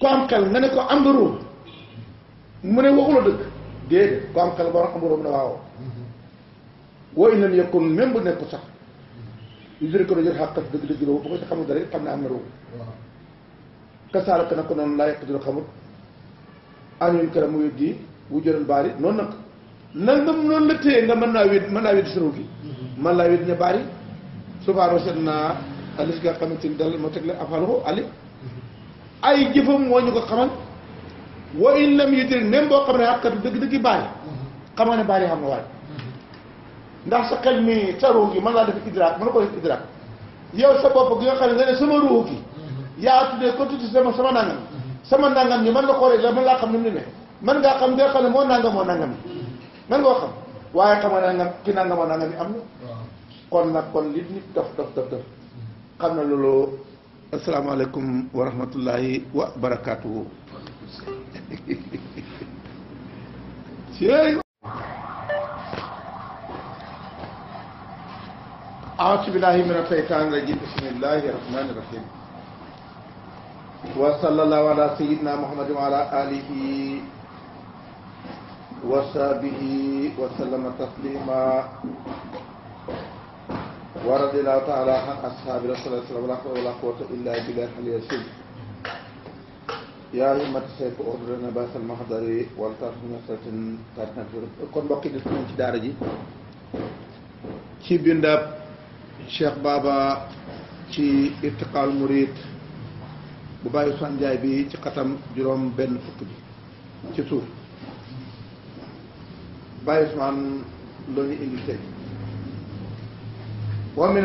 ku am mu ne waxula dëgg déedéet ku am xel ba am ne waaw wooyu nan bu nekk sax yu jëri ko do jël xàqat dëgg dëgg róom bu ko si xamul dara ne am na kasaalaka na ko noonu laa yàq dina xamut añuñ këram mu weddi wu jëloon baari noonu nag na nga noonu la téye nga mën naa wéet mën naa wéet sëru gi man mm-hmm. laa wéet ña baari subaaroo seet naa alif nga xamante ni dal moo teg la afaluhu alif mm-hmm. ay jëfam moo ñu ko xamal wa in lam yudrik même boo dëgg dëgg baari mm-hmm. xam nga ne baari xam nga waay ndax sa xel mi sa ruux gi mën laa def idraak mën na ko def yow sa bopp gi nga xam nga ne sama ruux gi ya yaa de ko tudd sama sama nangam sama nangam ni man la xore la man laa xam ni mu ne man nga xam de xam mo nangam mo nangam man nga xam waye xam nga nangam ki nangam moo nangam am na kon nak kon li nit taf taf taf taf xam na assalamu asalaamaaleykum wa rahmatullahi wa barakaatuhu أعوذ بالله من الشيطان الرجيم بسم الله الرحمن الرحيم وصلى الله على سيدنا محمد وعلى آله وصحبه وسلم تسليما ورد الله تعالى عن أصحاب رسول الله صلى الله عليه وسلم ولا قوة إلا بالله اليسير يا همة الشيخ أردنا باس المحضر والطرف نصرة تنفر كن بقي نسمع في دارجي كي bindab شيخ بابا كي irtiqal murid bu bàyyi Ousmane bi ci xatam juróom benn fukk bi ci suuf bàyyi Ousmane loolu indi tey wa min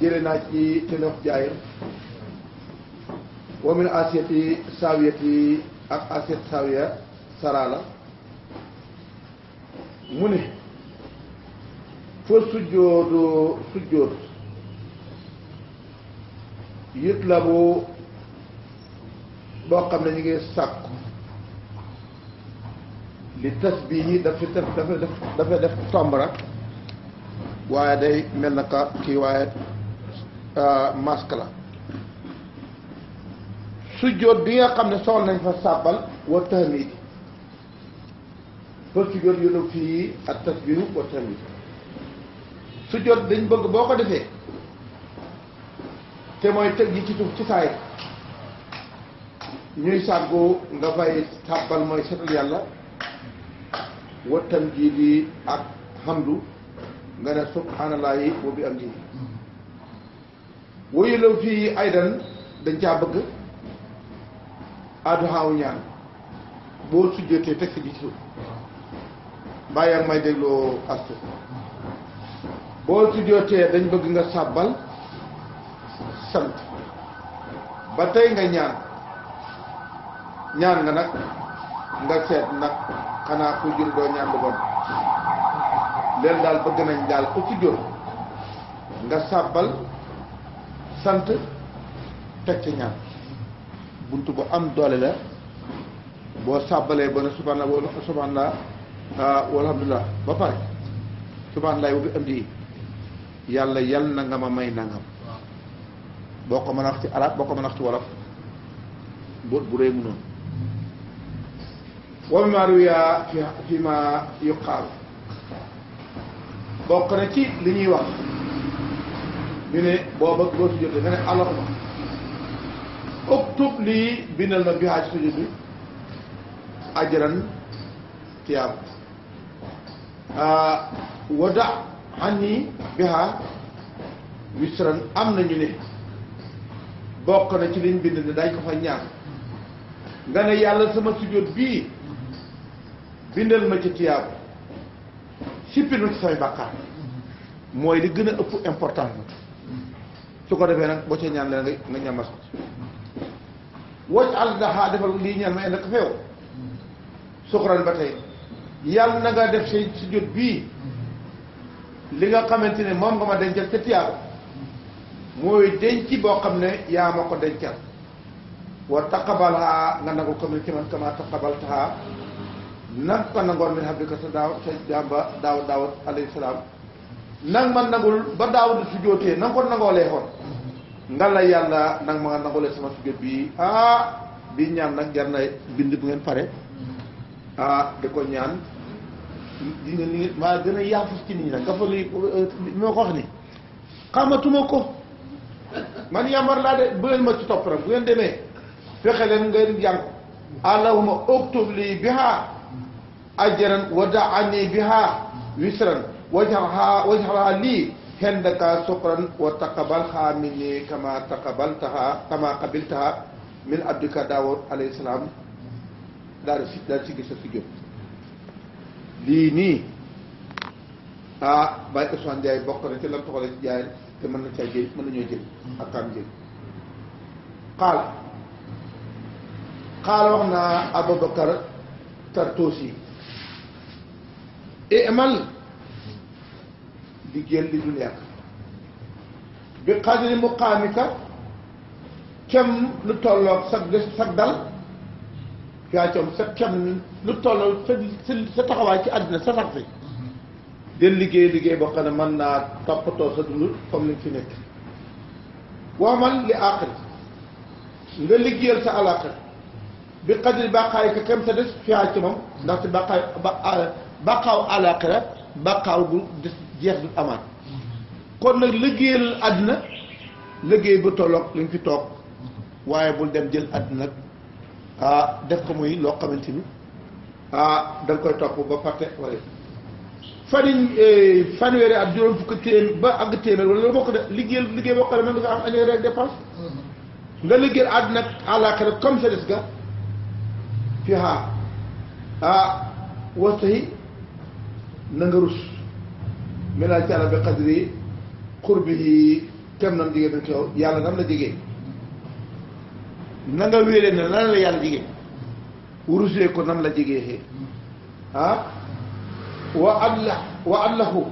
jële naa ci tenox jaayir wa min asiyati saawiyati ak asiyat saawiya sarala mu ne fa sujjoodu sujjood yutlabu boo xam ne ñu ngi sàkku li tas bii ñi dafa dafa dafa def tomb rek waaye day mel na ka kii waaye euh, masque la sujjóot bi nga xam ne soxla nañ fa sàbbal wa tahmid ba sujjóot yu nu fii ak tasbihu wa tahmid sujjóot dañ bëgg boo ko defee te mooy tëg ji ci suuf ci saay ñuy sàggu nga fay tàbbal mooy setal yàlla wattam jii di ak hamdu nga ne subhaanallahi wa am jii woyu law fii aydan dañ caa bëgg adduhaaw ñaan boo sujjatee texte bi ci suuf mbaa may dégloo astu boo sujjatee dañ bëgg nga sàbbal sant ba tey nga ñaan ñaan nga nag nga seet nag xanaa ku jur doo ñaan lu bon leen daal bëgg nañ daal ku ci jur nga sàbbal sant teg ci ñaan bunt bu am doole la boo sàbbalee ba ne subhanallah wala subhanallah ah, walhamdulillah ba pare subhanallah wa bi indi yàlla yal na nga ma may nangam boo ko mën a wax ci arab boo ko mën a wax ci wolof bu bu réy noonu wa mimma ruwiya fi ma yuqaalu bokk na ci li ñuy wax ñu ne boo bëgg boo sujjóotee nga ne allahuma uktub lii bindal ma bi xaaj sujjóot bi ajran tiyaab wada xan ni biha wisran am nañu ne bokk na ci liñ bind ne dañ ko fa ñaan nga ne yàlla sama sujjóot bii bindal ma ci tiyaabu sippilu ci say bàkkaar mooy li gën a ëpp important su ko defee nag boo ca ñaan leen nga ñamal ko ci waj al daxaa defal lii ñaan ma indi ko feew sukkuran ba tey yàlla na nga def say si jot bii li nga xamante ne moom nga ma dencal ca tiyaabu mooy denc boo xam ne yaa ma ko dencal wa taqabalha nga nangu ko ci man kama taqabaltaha nag ma nangoon min hablika sa daaw sa jaam ba daaw daawat nag ma nangul ba daaw di sujjóotee na nga ko nangoolee nga la yàlla nag ma nga nangoolee sama sujjóot bii ah bi ñaan nag jar na bind bu ngeen pare ah di ko ñaan di nga ni a yaafus ci nit ñi nag nga fa euh, li moo ko wax ni xamatuma ko man yambar laa de bu leen ma ci topp rek bu ngeen demee fexe leen nga jàng allahuma oktub lii bihaa ajran wa daani biha wisran wajha wajha lii hendaka sukran wa taqabalha minni kama taqabaltaha kama qabiltaha min abdika daawud alayhi salaam daal di si daal di si gis sa si jóg lii nii ah Baye Ousmane Ndiaye bokk na ci lam toxale ci jaay te mën na caa jël mën nañoo jël ak kaam jël xaal xaal wax naa Aboubacar Tartosi imal eh, liggéeyal li dul yàq bi xadri muqaamika kem lu tolloog sa sa dal gaa coom sa kem lu tolloog sa sa taxawaay ci àddina sa sax fi den liggéey liggéey boo xam ne mën naa toppatoo sa dund comme liñ fi nekk waman li àqri nga liggéeyal sa àlaaxira bi xadri bàqaay ka kem sa des fiaa ci moom ndax si bàqaay ba baqaaw àllaaxira baqaaw du jeex du amaat kon nag liggéeyal àdduna liggéey bu tolloog lañ fi toog waaye bul dem jël àdduna nag ah, def ko muy loo xamante ni ah da koy topp ba fàtte wala faniñ eh, fanweeri at juróom fukk téeméer ba àgg téeméer wala loolu bokk de liggéeyal liggéey boo xam ne mën nga am mm-hmm. àdduna ak àllaaxira comme sa des ga fi ah wastahi na nga rus mi naa caala bi xadri xurbi yi kem nam jigéen ak yow yàlla nam la jigéen na nga wéeree ne nan la yàlla jigéen rusee ko nam la jigéexee ah wa adla wa adlahu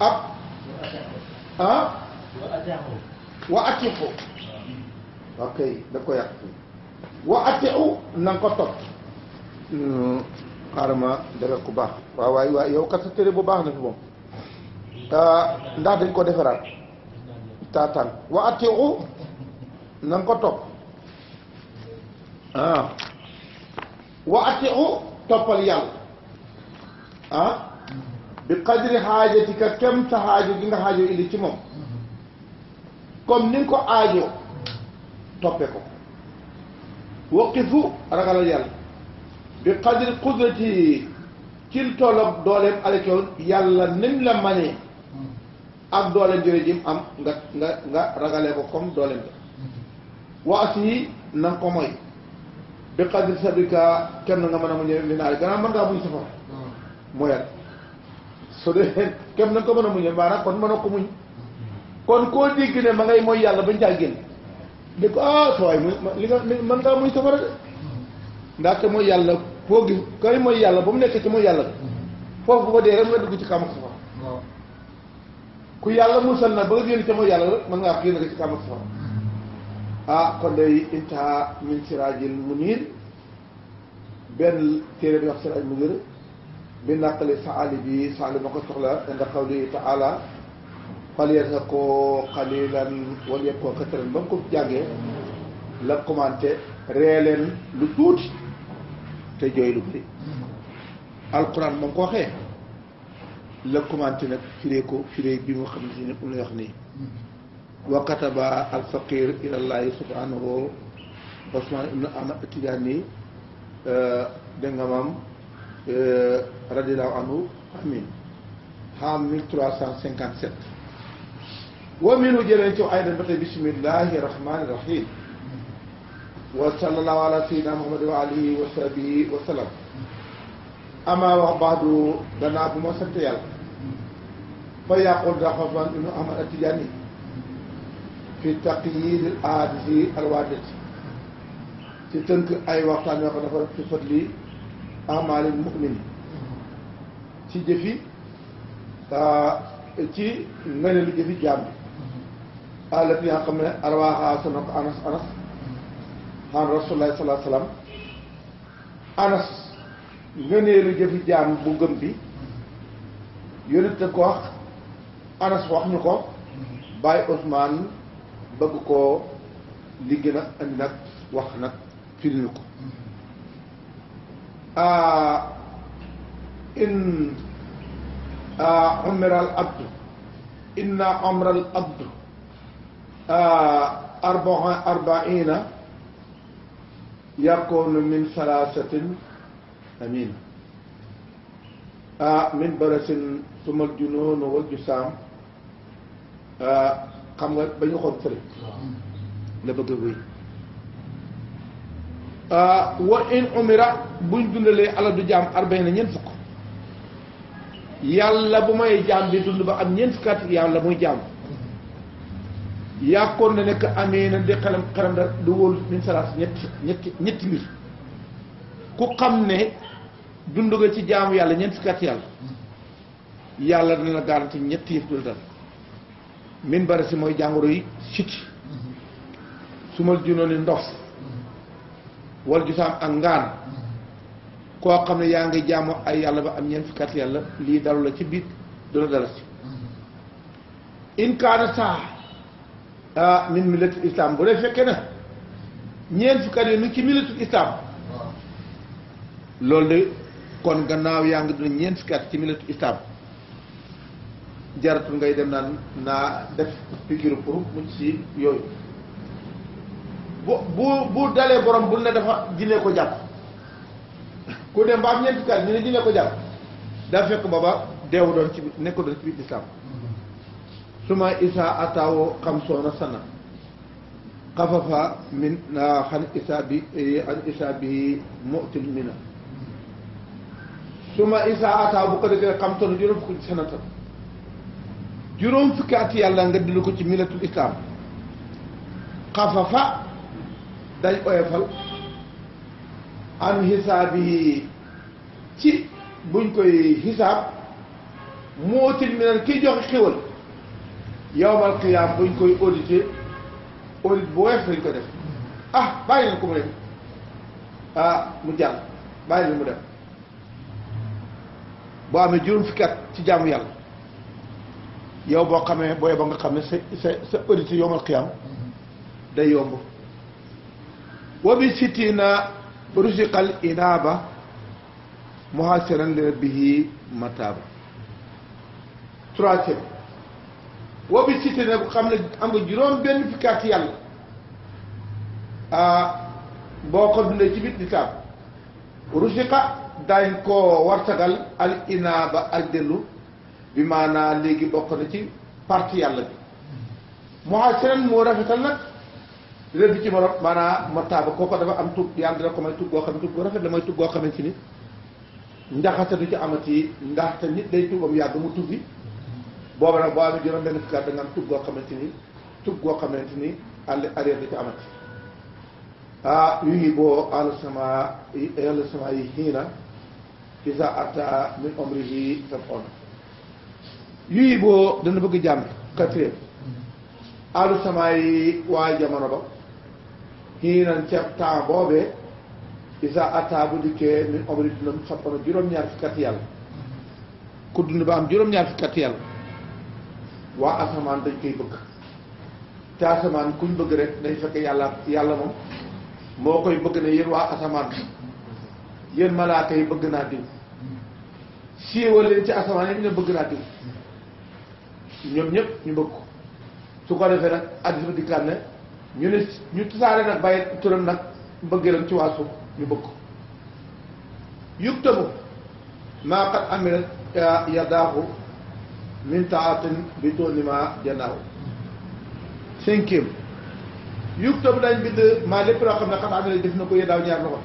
ab ah wa atiqu ok da ko yàq wa atiqu na nga ko topp xaaral ma defal ku baax waaw waaye yow kat sa téere bu baax na fi moom ndax dañ ko defaraat taataan wa atiiu na ko topp ah wa atiiu toppal yàlla ah bi qadri xaajatika kem sa xaajo gi nga xaajo indi ci moom comme ni ko aajo toppe ko waqifu ragalal yàlla bi qadri qudratihi ci tolloog dooleem alekewul yàlla nim la manee ak dooleem jëre jim am nga nga nga ragale ko kom dooleem la waas yi na ko mooy bi qadri sabrika kenn nga mën a mu li naa gannaaw mën ngaa muñ safara moyal so de kenn na ko mën a muñee maanaam ko muñ ma ngay mooy yàlla bañ caa génn ko ah sa waay li nga muñ safara de ndaxte mooy yàlla koo gis kay mooy yàlla ba mu nekk ci mooy yàlla mm-hmm. foofu bu dee rek nga dugg ci kàmm ak ku yàlla musal na ba nga génn yàlla rek mën ngaa génn ci kàmm ak safara mm-hmm. ah kon day intaha min siraajil munir benn téere bi wax siraaj munir bi naqali saali bi saali ma ko soxla inda qawli taala falyadhaqu qalilan walyabku kathiran ba mu ko jàngee la commenté ree lu tuuti te jooylu bëri alquran moom ko waxee la commenté nag firee ko firee bi mu xam ne si ne mu lay wax nii wa kataba alfaqir ilallahi subhanahu osman ibnu ahmad tijaani dégg nga maam radiallahu anhu amin xam mille trois cent cinquante sept wa minu jëleen ci aydan ba tey bismillahi rahmani rahim وصلى الله على سيدنا محمد وعلي وصحبه وسلم أما بعد دنا بما ما سنت يلا فيقول رحمة بن أحمد التجاني في تقييد الآدز الوارد في تنك أي وقت أن يقول في فضل أعمال المؤمن ci جفي ci ngëneelu jëfi jaam bi àll fi nga xam انس arwaaxaa maanaam rasulullah salaa salaam anas ngëneelu jëfi jaam bu gëm bi yónnit ko wax anas wax ñu ko bàyyi Ousmane bëgg koo li gën a andi nag wax nag firil ko in umral abdu inna umral abdu arbaina yakoonu min salaasatin amin ah min barasin sumal junoonu wal jusaam xam nga ba ñu xool fële la bëgg a wa in umira buñ dundalee ala du jaam arbay na ñeent fukk yàlla bu may jaam di dund ba am ñeent fukkat yàlla muy jaam yàkkoon na nekk amee na de xelam xelam da du wóolu min salaas ñetti ñetti ñetti mbir ku xam ne dund nga ci jaamu yàlla ñeent fukki at yàlla yàlla dana la garanti ñetti yëf dul dal min bari si mooy jàngoro yi siti su ma junoo ni ndof wal jusaam ak ngaan koo xam ne yaa ngi jaamu ay yàlla ba am ñeent fukki yàlla lii dalu la ci biir du la dala si in saa ah min millatul islam bu dee fekkee na ñeent fukki at yi mi ci millatul islam loolu de kon gannaaw yaa ngi dund ñeent fukki ci millatul islam jaratul ngay dem naan naa def figure pour mucc si yooyu bu bu bu dalee borom bu ne dafa jinne ko jàpp ku dem ba am ñeent fukki at ñu ne jinne ko jàpp daa fekk booba deewu doon ci nekk doon ci biir suma isa atawo xamsoona sana xafafa min xan isa bi e, an isa bi mutil mina suma isa ataw bu ko defee xamsoona juróom fukki sanata juróom fukki at yàlla nga dindi ko ci minatul islam xafafa dañ oyofal an xisaab yi ci buñ koy xisaab mootil minan kiy joxe xéwal yowmal qiyaam buñ koy audité audit bu wees lañ ko def ah bàyyi na ko mu dem ah mu jàll bàyyi na mu dem boo amee juróom fukki at ci jaamu yàlla yow boo xamee booy ba nga xam ne sa sa sa audité yowmal qiyaam day yomb wa bi sittina rusiqal inaaba muhasiran li rabbihi mataaba troisième woo bi nag xam ne am nga juróom benn fukki at yàlla ah boo ko dundee ci bit di taab rusiqa daañ koo wartagal al inaaba bi maanaa léegi bokk na ci parti yàlla bi muhasanan moo rafetal nag lépp ci morom maanaam martaaba kooko dafa am tub yàlla dina ko may tub goo xam tub bu rafet la may tub goo xamante ni njaxase du ci amati ndaxte nit day tubam yàgg mu tubbi booba nag boo amee da nga am tugg goo xamante ni tugg goo xamante ni àll arrière di ci amati ah yu boo àll sama àll sama yi xiina isa arta min omrihi sab on yu boo dana bëgg jàmm quatrième àllu sama yi waaye jamono ba xiinan ceeb temps boobee isa arta bu dikkee min omri dinam sab on juróom-ñaar fukki at yàlla ku dund ba am juróom-ñaar fukki at yàlla waa asamaan dañ koy bëgg te asamaan kuñ bëgg rek day fekk yàlla yàlla moom moo koy bëgg ne yéen waa asamaan yéen malaaka yi bëgg naa diw siiwal ci asamaan yi ñu ne bëgg naa diw ñoom ñëpp ñu bëgg su ko defee nag addis ba dikkaat ne ñu ne ñu tasaare nag bàyyi turam nag mbëggeelam ci waa ñu bëgg ko yuktabu maa qad amila yardaahu min taatin bi tooni ma janaaw cinquième yuktab dañ bind maa lépp loo xam ne xat amila def na ko yedaaw ñaar loxo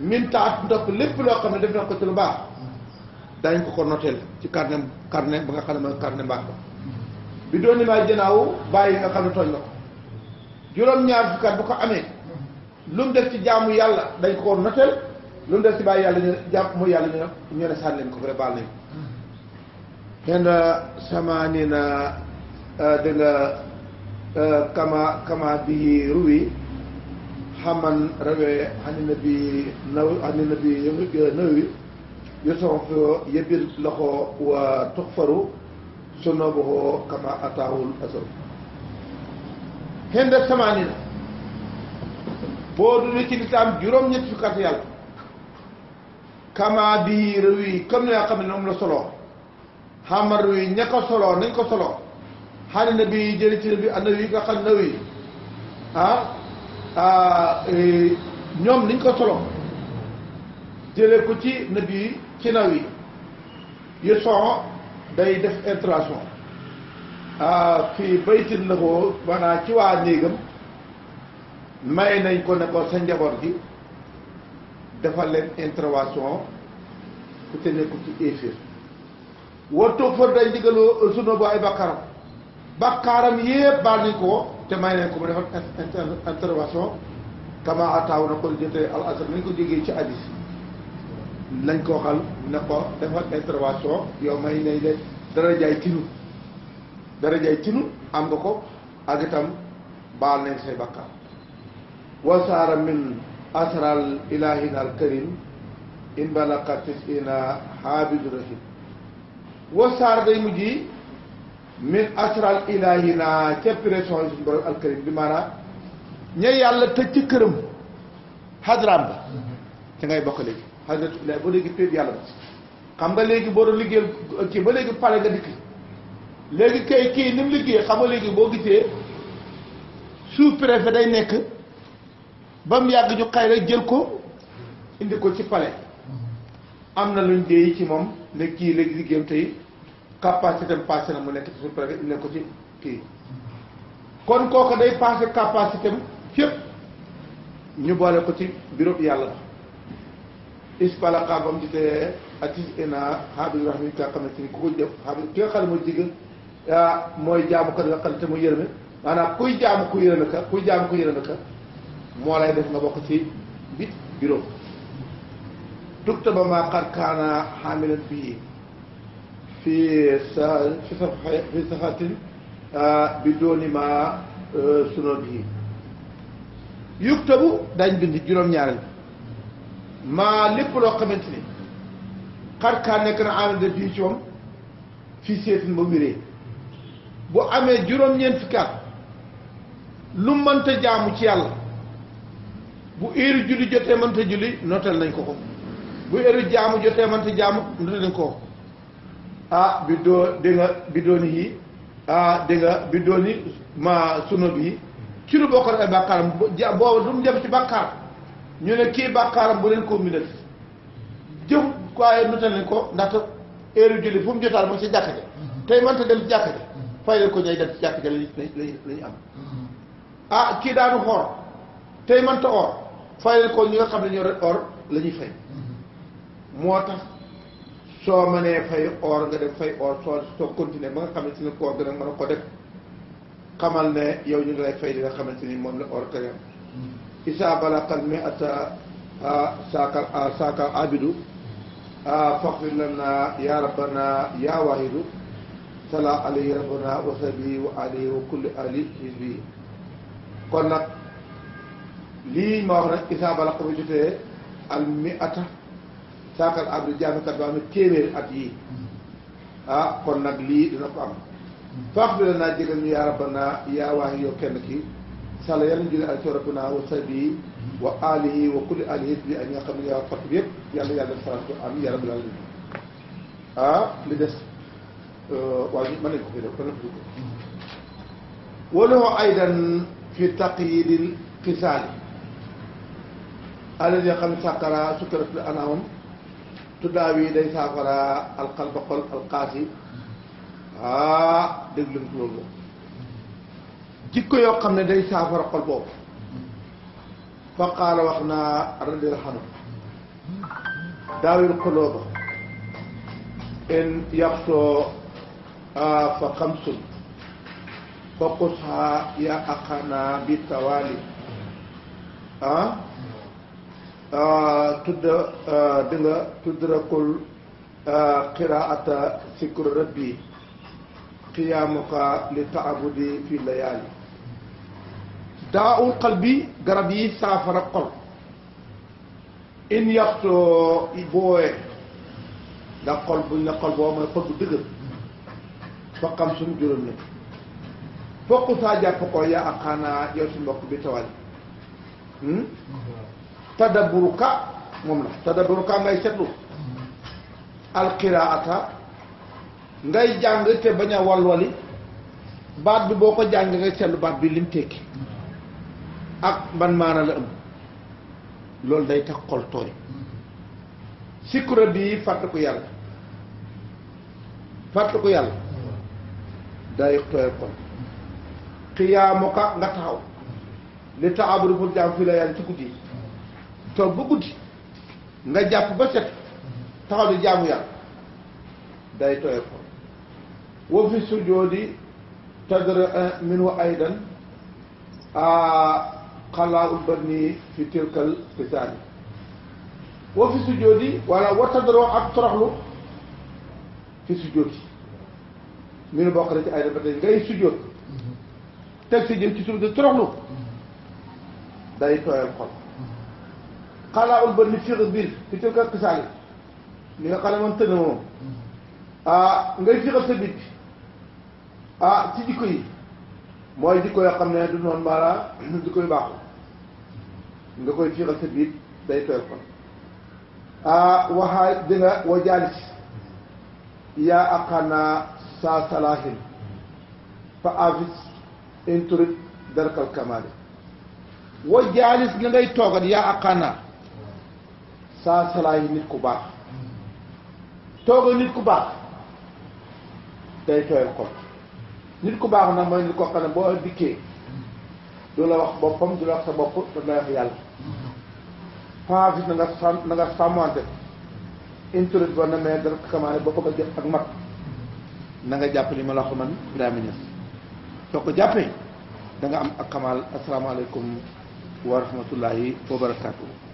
min taat ndopp lépp loo xam ne def na ko ci lu baax dañ ko ko noteel ci carnet carnet ba nga xam ne mooy mbaax ba bi doon ni maay janaaw bàyyi nga xam ne tooñ na ko juróom-ñaar fukkaat bu ko amee lu mu def ci jaamu yàlla dañ ko ko noteel lu mu def ci bàyyi yàlla ñu jàpp mooy yàlla ñu ne sànni leen ko vrai baal nañ nee na samaani na dégg kama kama bi ruwi xaman rawee xani na nawi yu soxo yëbil loxo wa tuxfaru sunoboxoo kama ataawul asal xenda samaani na boo dundee ci lislaam juróom-ñett yàlla kama bi ruwi comme ni nga xam ne moom la solo xamar wi ña ko soloo nañ ko soloo xaani na bi jëli ci bi annawi yi nga xam nawi ah, ah eh, ñoom niñ ko solo jëlee ko ci nabi yi ci naw yi yu son day def interaction ah, fii baytin la ko maanaam ci waa néegam may nañ ko ne ko sa njaboot gi defal leen intervention ku te nekku ci éefir war toog fër day ndigaloo euh, sunu ba ay bàkkaaram bàkkaaram yépp baal nañ ko te may nañ ko mu defal intervention kama ataaw na ko jotee al asr nañ ko jógee ci hadis lañ ko xal ne ko defal intervention yow may nañ la dara jaay tinu dara jaay tinu am nga ko ak itam baal nañ say bàkkaar wasaara min asral ilahina karim in balaka tisina xaabidu rahim wa saar day mujj min asral ilahina ca pression yi suñu borom alkarim bi maanaam ña yàlla tëj ci këram xadraam ba ca ngay bokk léegi xadratu ilahi ba léegi péeb yàlla ba xam nga léegi boo doon liggéeyal kii ba léegi pare nga dikk léegi kay kii ni mu liggéey xam nga léegi boo gisee sous préfet day nekk ba mu yàgg ñu xay jël ko indi ko ci palais am na luñ dee ci moom ne kii léegi liggéeyam tey capacité am passé na mu nekk ci sous-préfet ko ci kii kon kooku day passé capacité am ñu boole ko ci bureau bi yàlla ba ispalaka bam di tee atis ina habil rahmi ki ni ku ko def habil ki nga xam ne mooy jigéen ah, mooy jaamu ko nga xam te mu yërëme maanaam kuy jaamu ku yërëme ka kuy jaamu ku yërëme ka moo lay def nga bokk ci bit bureau tuktaba maa qad kaana xaamilan fii fii sa fi sa fi safatin bi dooni ma suno bii yuktabu dañ bind juróom-ñaareel maa lépp loo xamante ni xar kaa nekk na amee fii ci moom fii seetin ba wéree bu amee juróom-ñeent fukki lu mënta jaamu ci yàlla bu heure julli jotee mënta julli nootal nañ ko ko bu heure jaamu jotee mënta jaamu ndënd ko ah bi doo dégg bi dooni yi ah dégg nga bi dooni ma sunu bi ci lu bokkoon ay bàkkaaram booba du mu dem ci bàkkaar ñu ne kii bàkkaaram bu leen ko mi def jëf waaye nutal leen ko ndaxte heure julli fu mu jotaal ma ci jàkka ja tey mënta dem ci jàkka ja fay leen ko ñooy dem ci jàkka lañu lañu am ah kii daanu xoor tey mënta or fay leen ko ñi nga xam ne ñoo rek la lañuy fay moo tax soo mënee fay or nga def fay or soo continuer ba nga xamante ni koor gën a mën a ko def xamal ne yow ñu ngi lay fay li nga xamante ni moom la or kayam isaa balaqal mi saakal abidu faxfir lana ya rabbana ya waahidu sala alayhi rabbana wa sabi wa alihi wa kulli ali kon nag lii ma wax nag isaa bu jotee al mi saatal abdu jaamekat ba amee téeméeri at yii ah kon nag lii dina ko am faax bi la naa jégal ñu yaa rabbana yaa waaxi yow kenn ki sàlla yàlla ñu jëlee al ci rabbana wa sabi wa alihi wa kulli alihi bi ak ñi nga xam ne yaa fott bi yëpp yàlla yàlla def salaatu am yaa rabbal alamin ah li des euh, waaye mën nañ ko fi def mën nañ ko fi wala aydan fi taqyidil xisaali alladhi xam sàkkara sukkarat la anaamam tuddaaw yi day saafara alxalba xol alxaasi ah déglu jikko yoo xam ne day saafara xol boobu fa qaala wax naa radil xanu daawil xolooba in yaxsoo ah, fa xamsun fa qusha ya axana bi tawaali ah tudd di nga tudrakul qiraata sikru rabbi qiyaamuka li fi layaali daaul qalbi garab yi saafara xol in yaxtoo boowee ndax xol buñ ne xol boo mooy xol bu dëgër fa xam suñu juróom yaa ak xaanaa yow bi tawal hmm? tadabburuka moom la tadabburuka ngay seetlu alqiraata ngay jàng te bañ a walwali baat bi boo ko jàng ngay seetlu baat bi lim ak ban mana la ëmb loolu day tax xol tooy sikura bi fàtte ko yàlla fàtte day tooyal xol xiyaamu ka nga taxaw li taxaw bu dee pour la ci toog ba guddi nga jàpp ba set taxaw di jaamu yàlla day tooy xol wa fi sujoodi tadra minhu aydan xalaaul barni fi tilkal fisaani wa fi sujoodi wala wa tadra ak toroxlu fi sujoodi minu bokk na ci aydan ba tey ngay sujood teg si jëm ci suuf di toroxlu day tooyal xol xalaaul ba li fiix biir fi tilka kisaali li nga xam ne man tënne moom ah ngay fiixal sa bit ah, mooy jikko yoo xam ne du noonu maara nga koy fiixal sa biit day tooy ah, wa jaalis yaa aqana saa salaahin fa avis inturit darkal kamaali wa jaalis li ngay toogat yaa aqana saa salaayu nit ku baax tooga nit ku baax day tooyal xol nit ku baax na mooy nit koo xam ne boo dikkee du la wax boppam du la wax sa bopp te day wax yàlla paafis na nga sàn na nga sàmmante intrant ba na mais dara xamaane boo ko ba jëf ak mat na jàpp li ma la wax man soo ko jàppee da am ak xamaal asalaamaaleykum wa rahmatullahi wa barakaatu.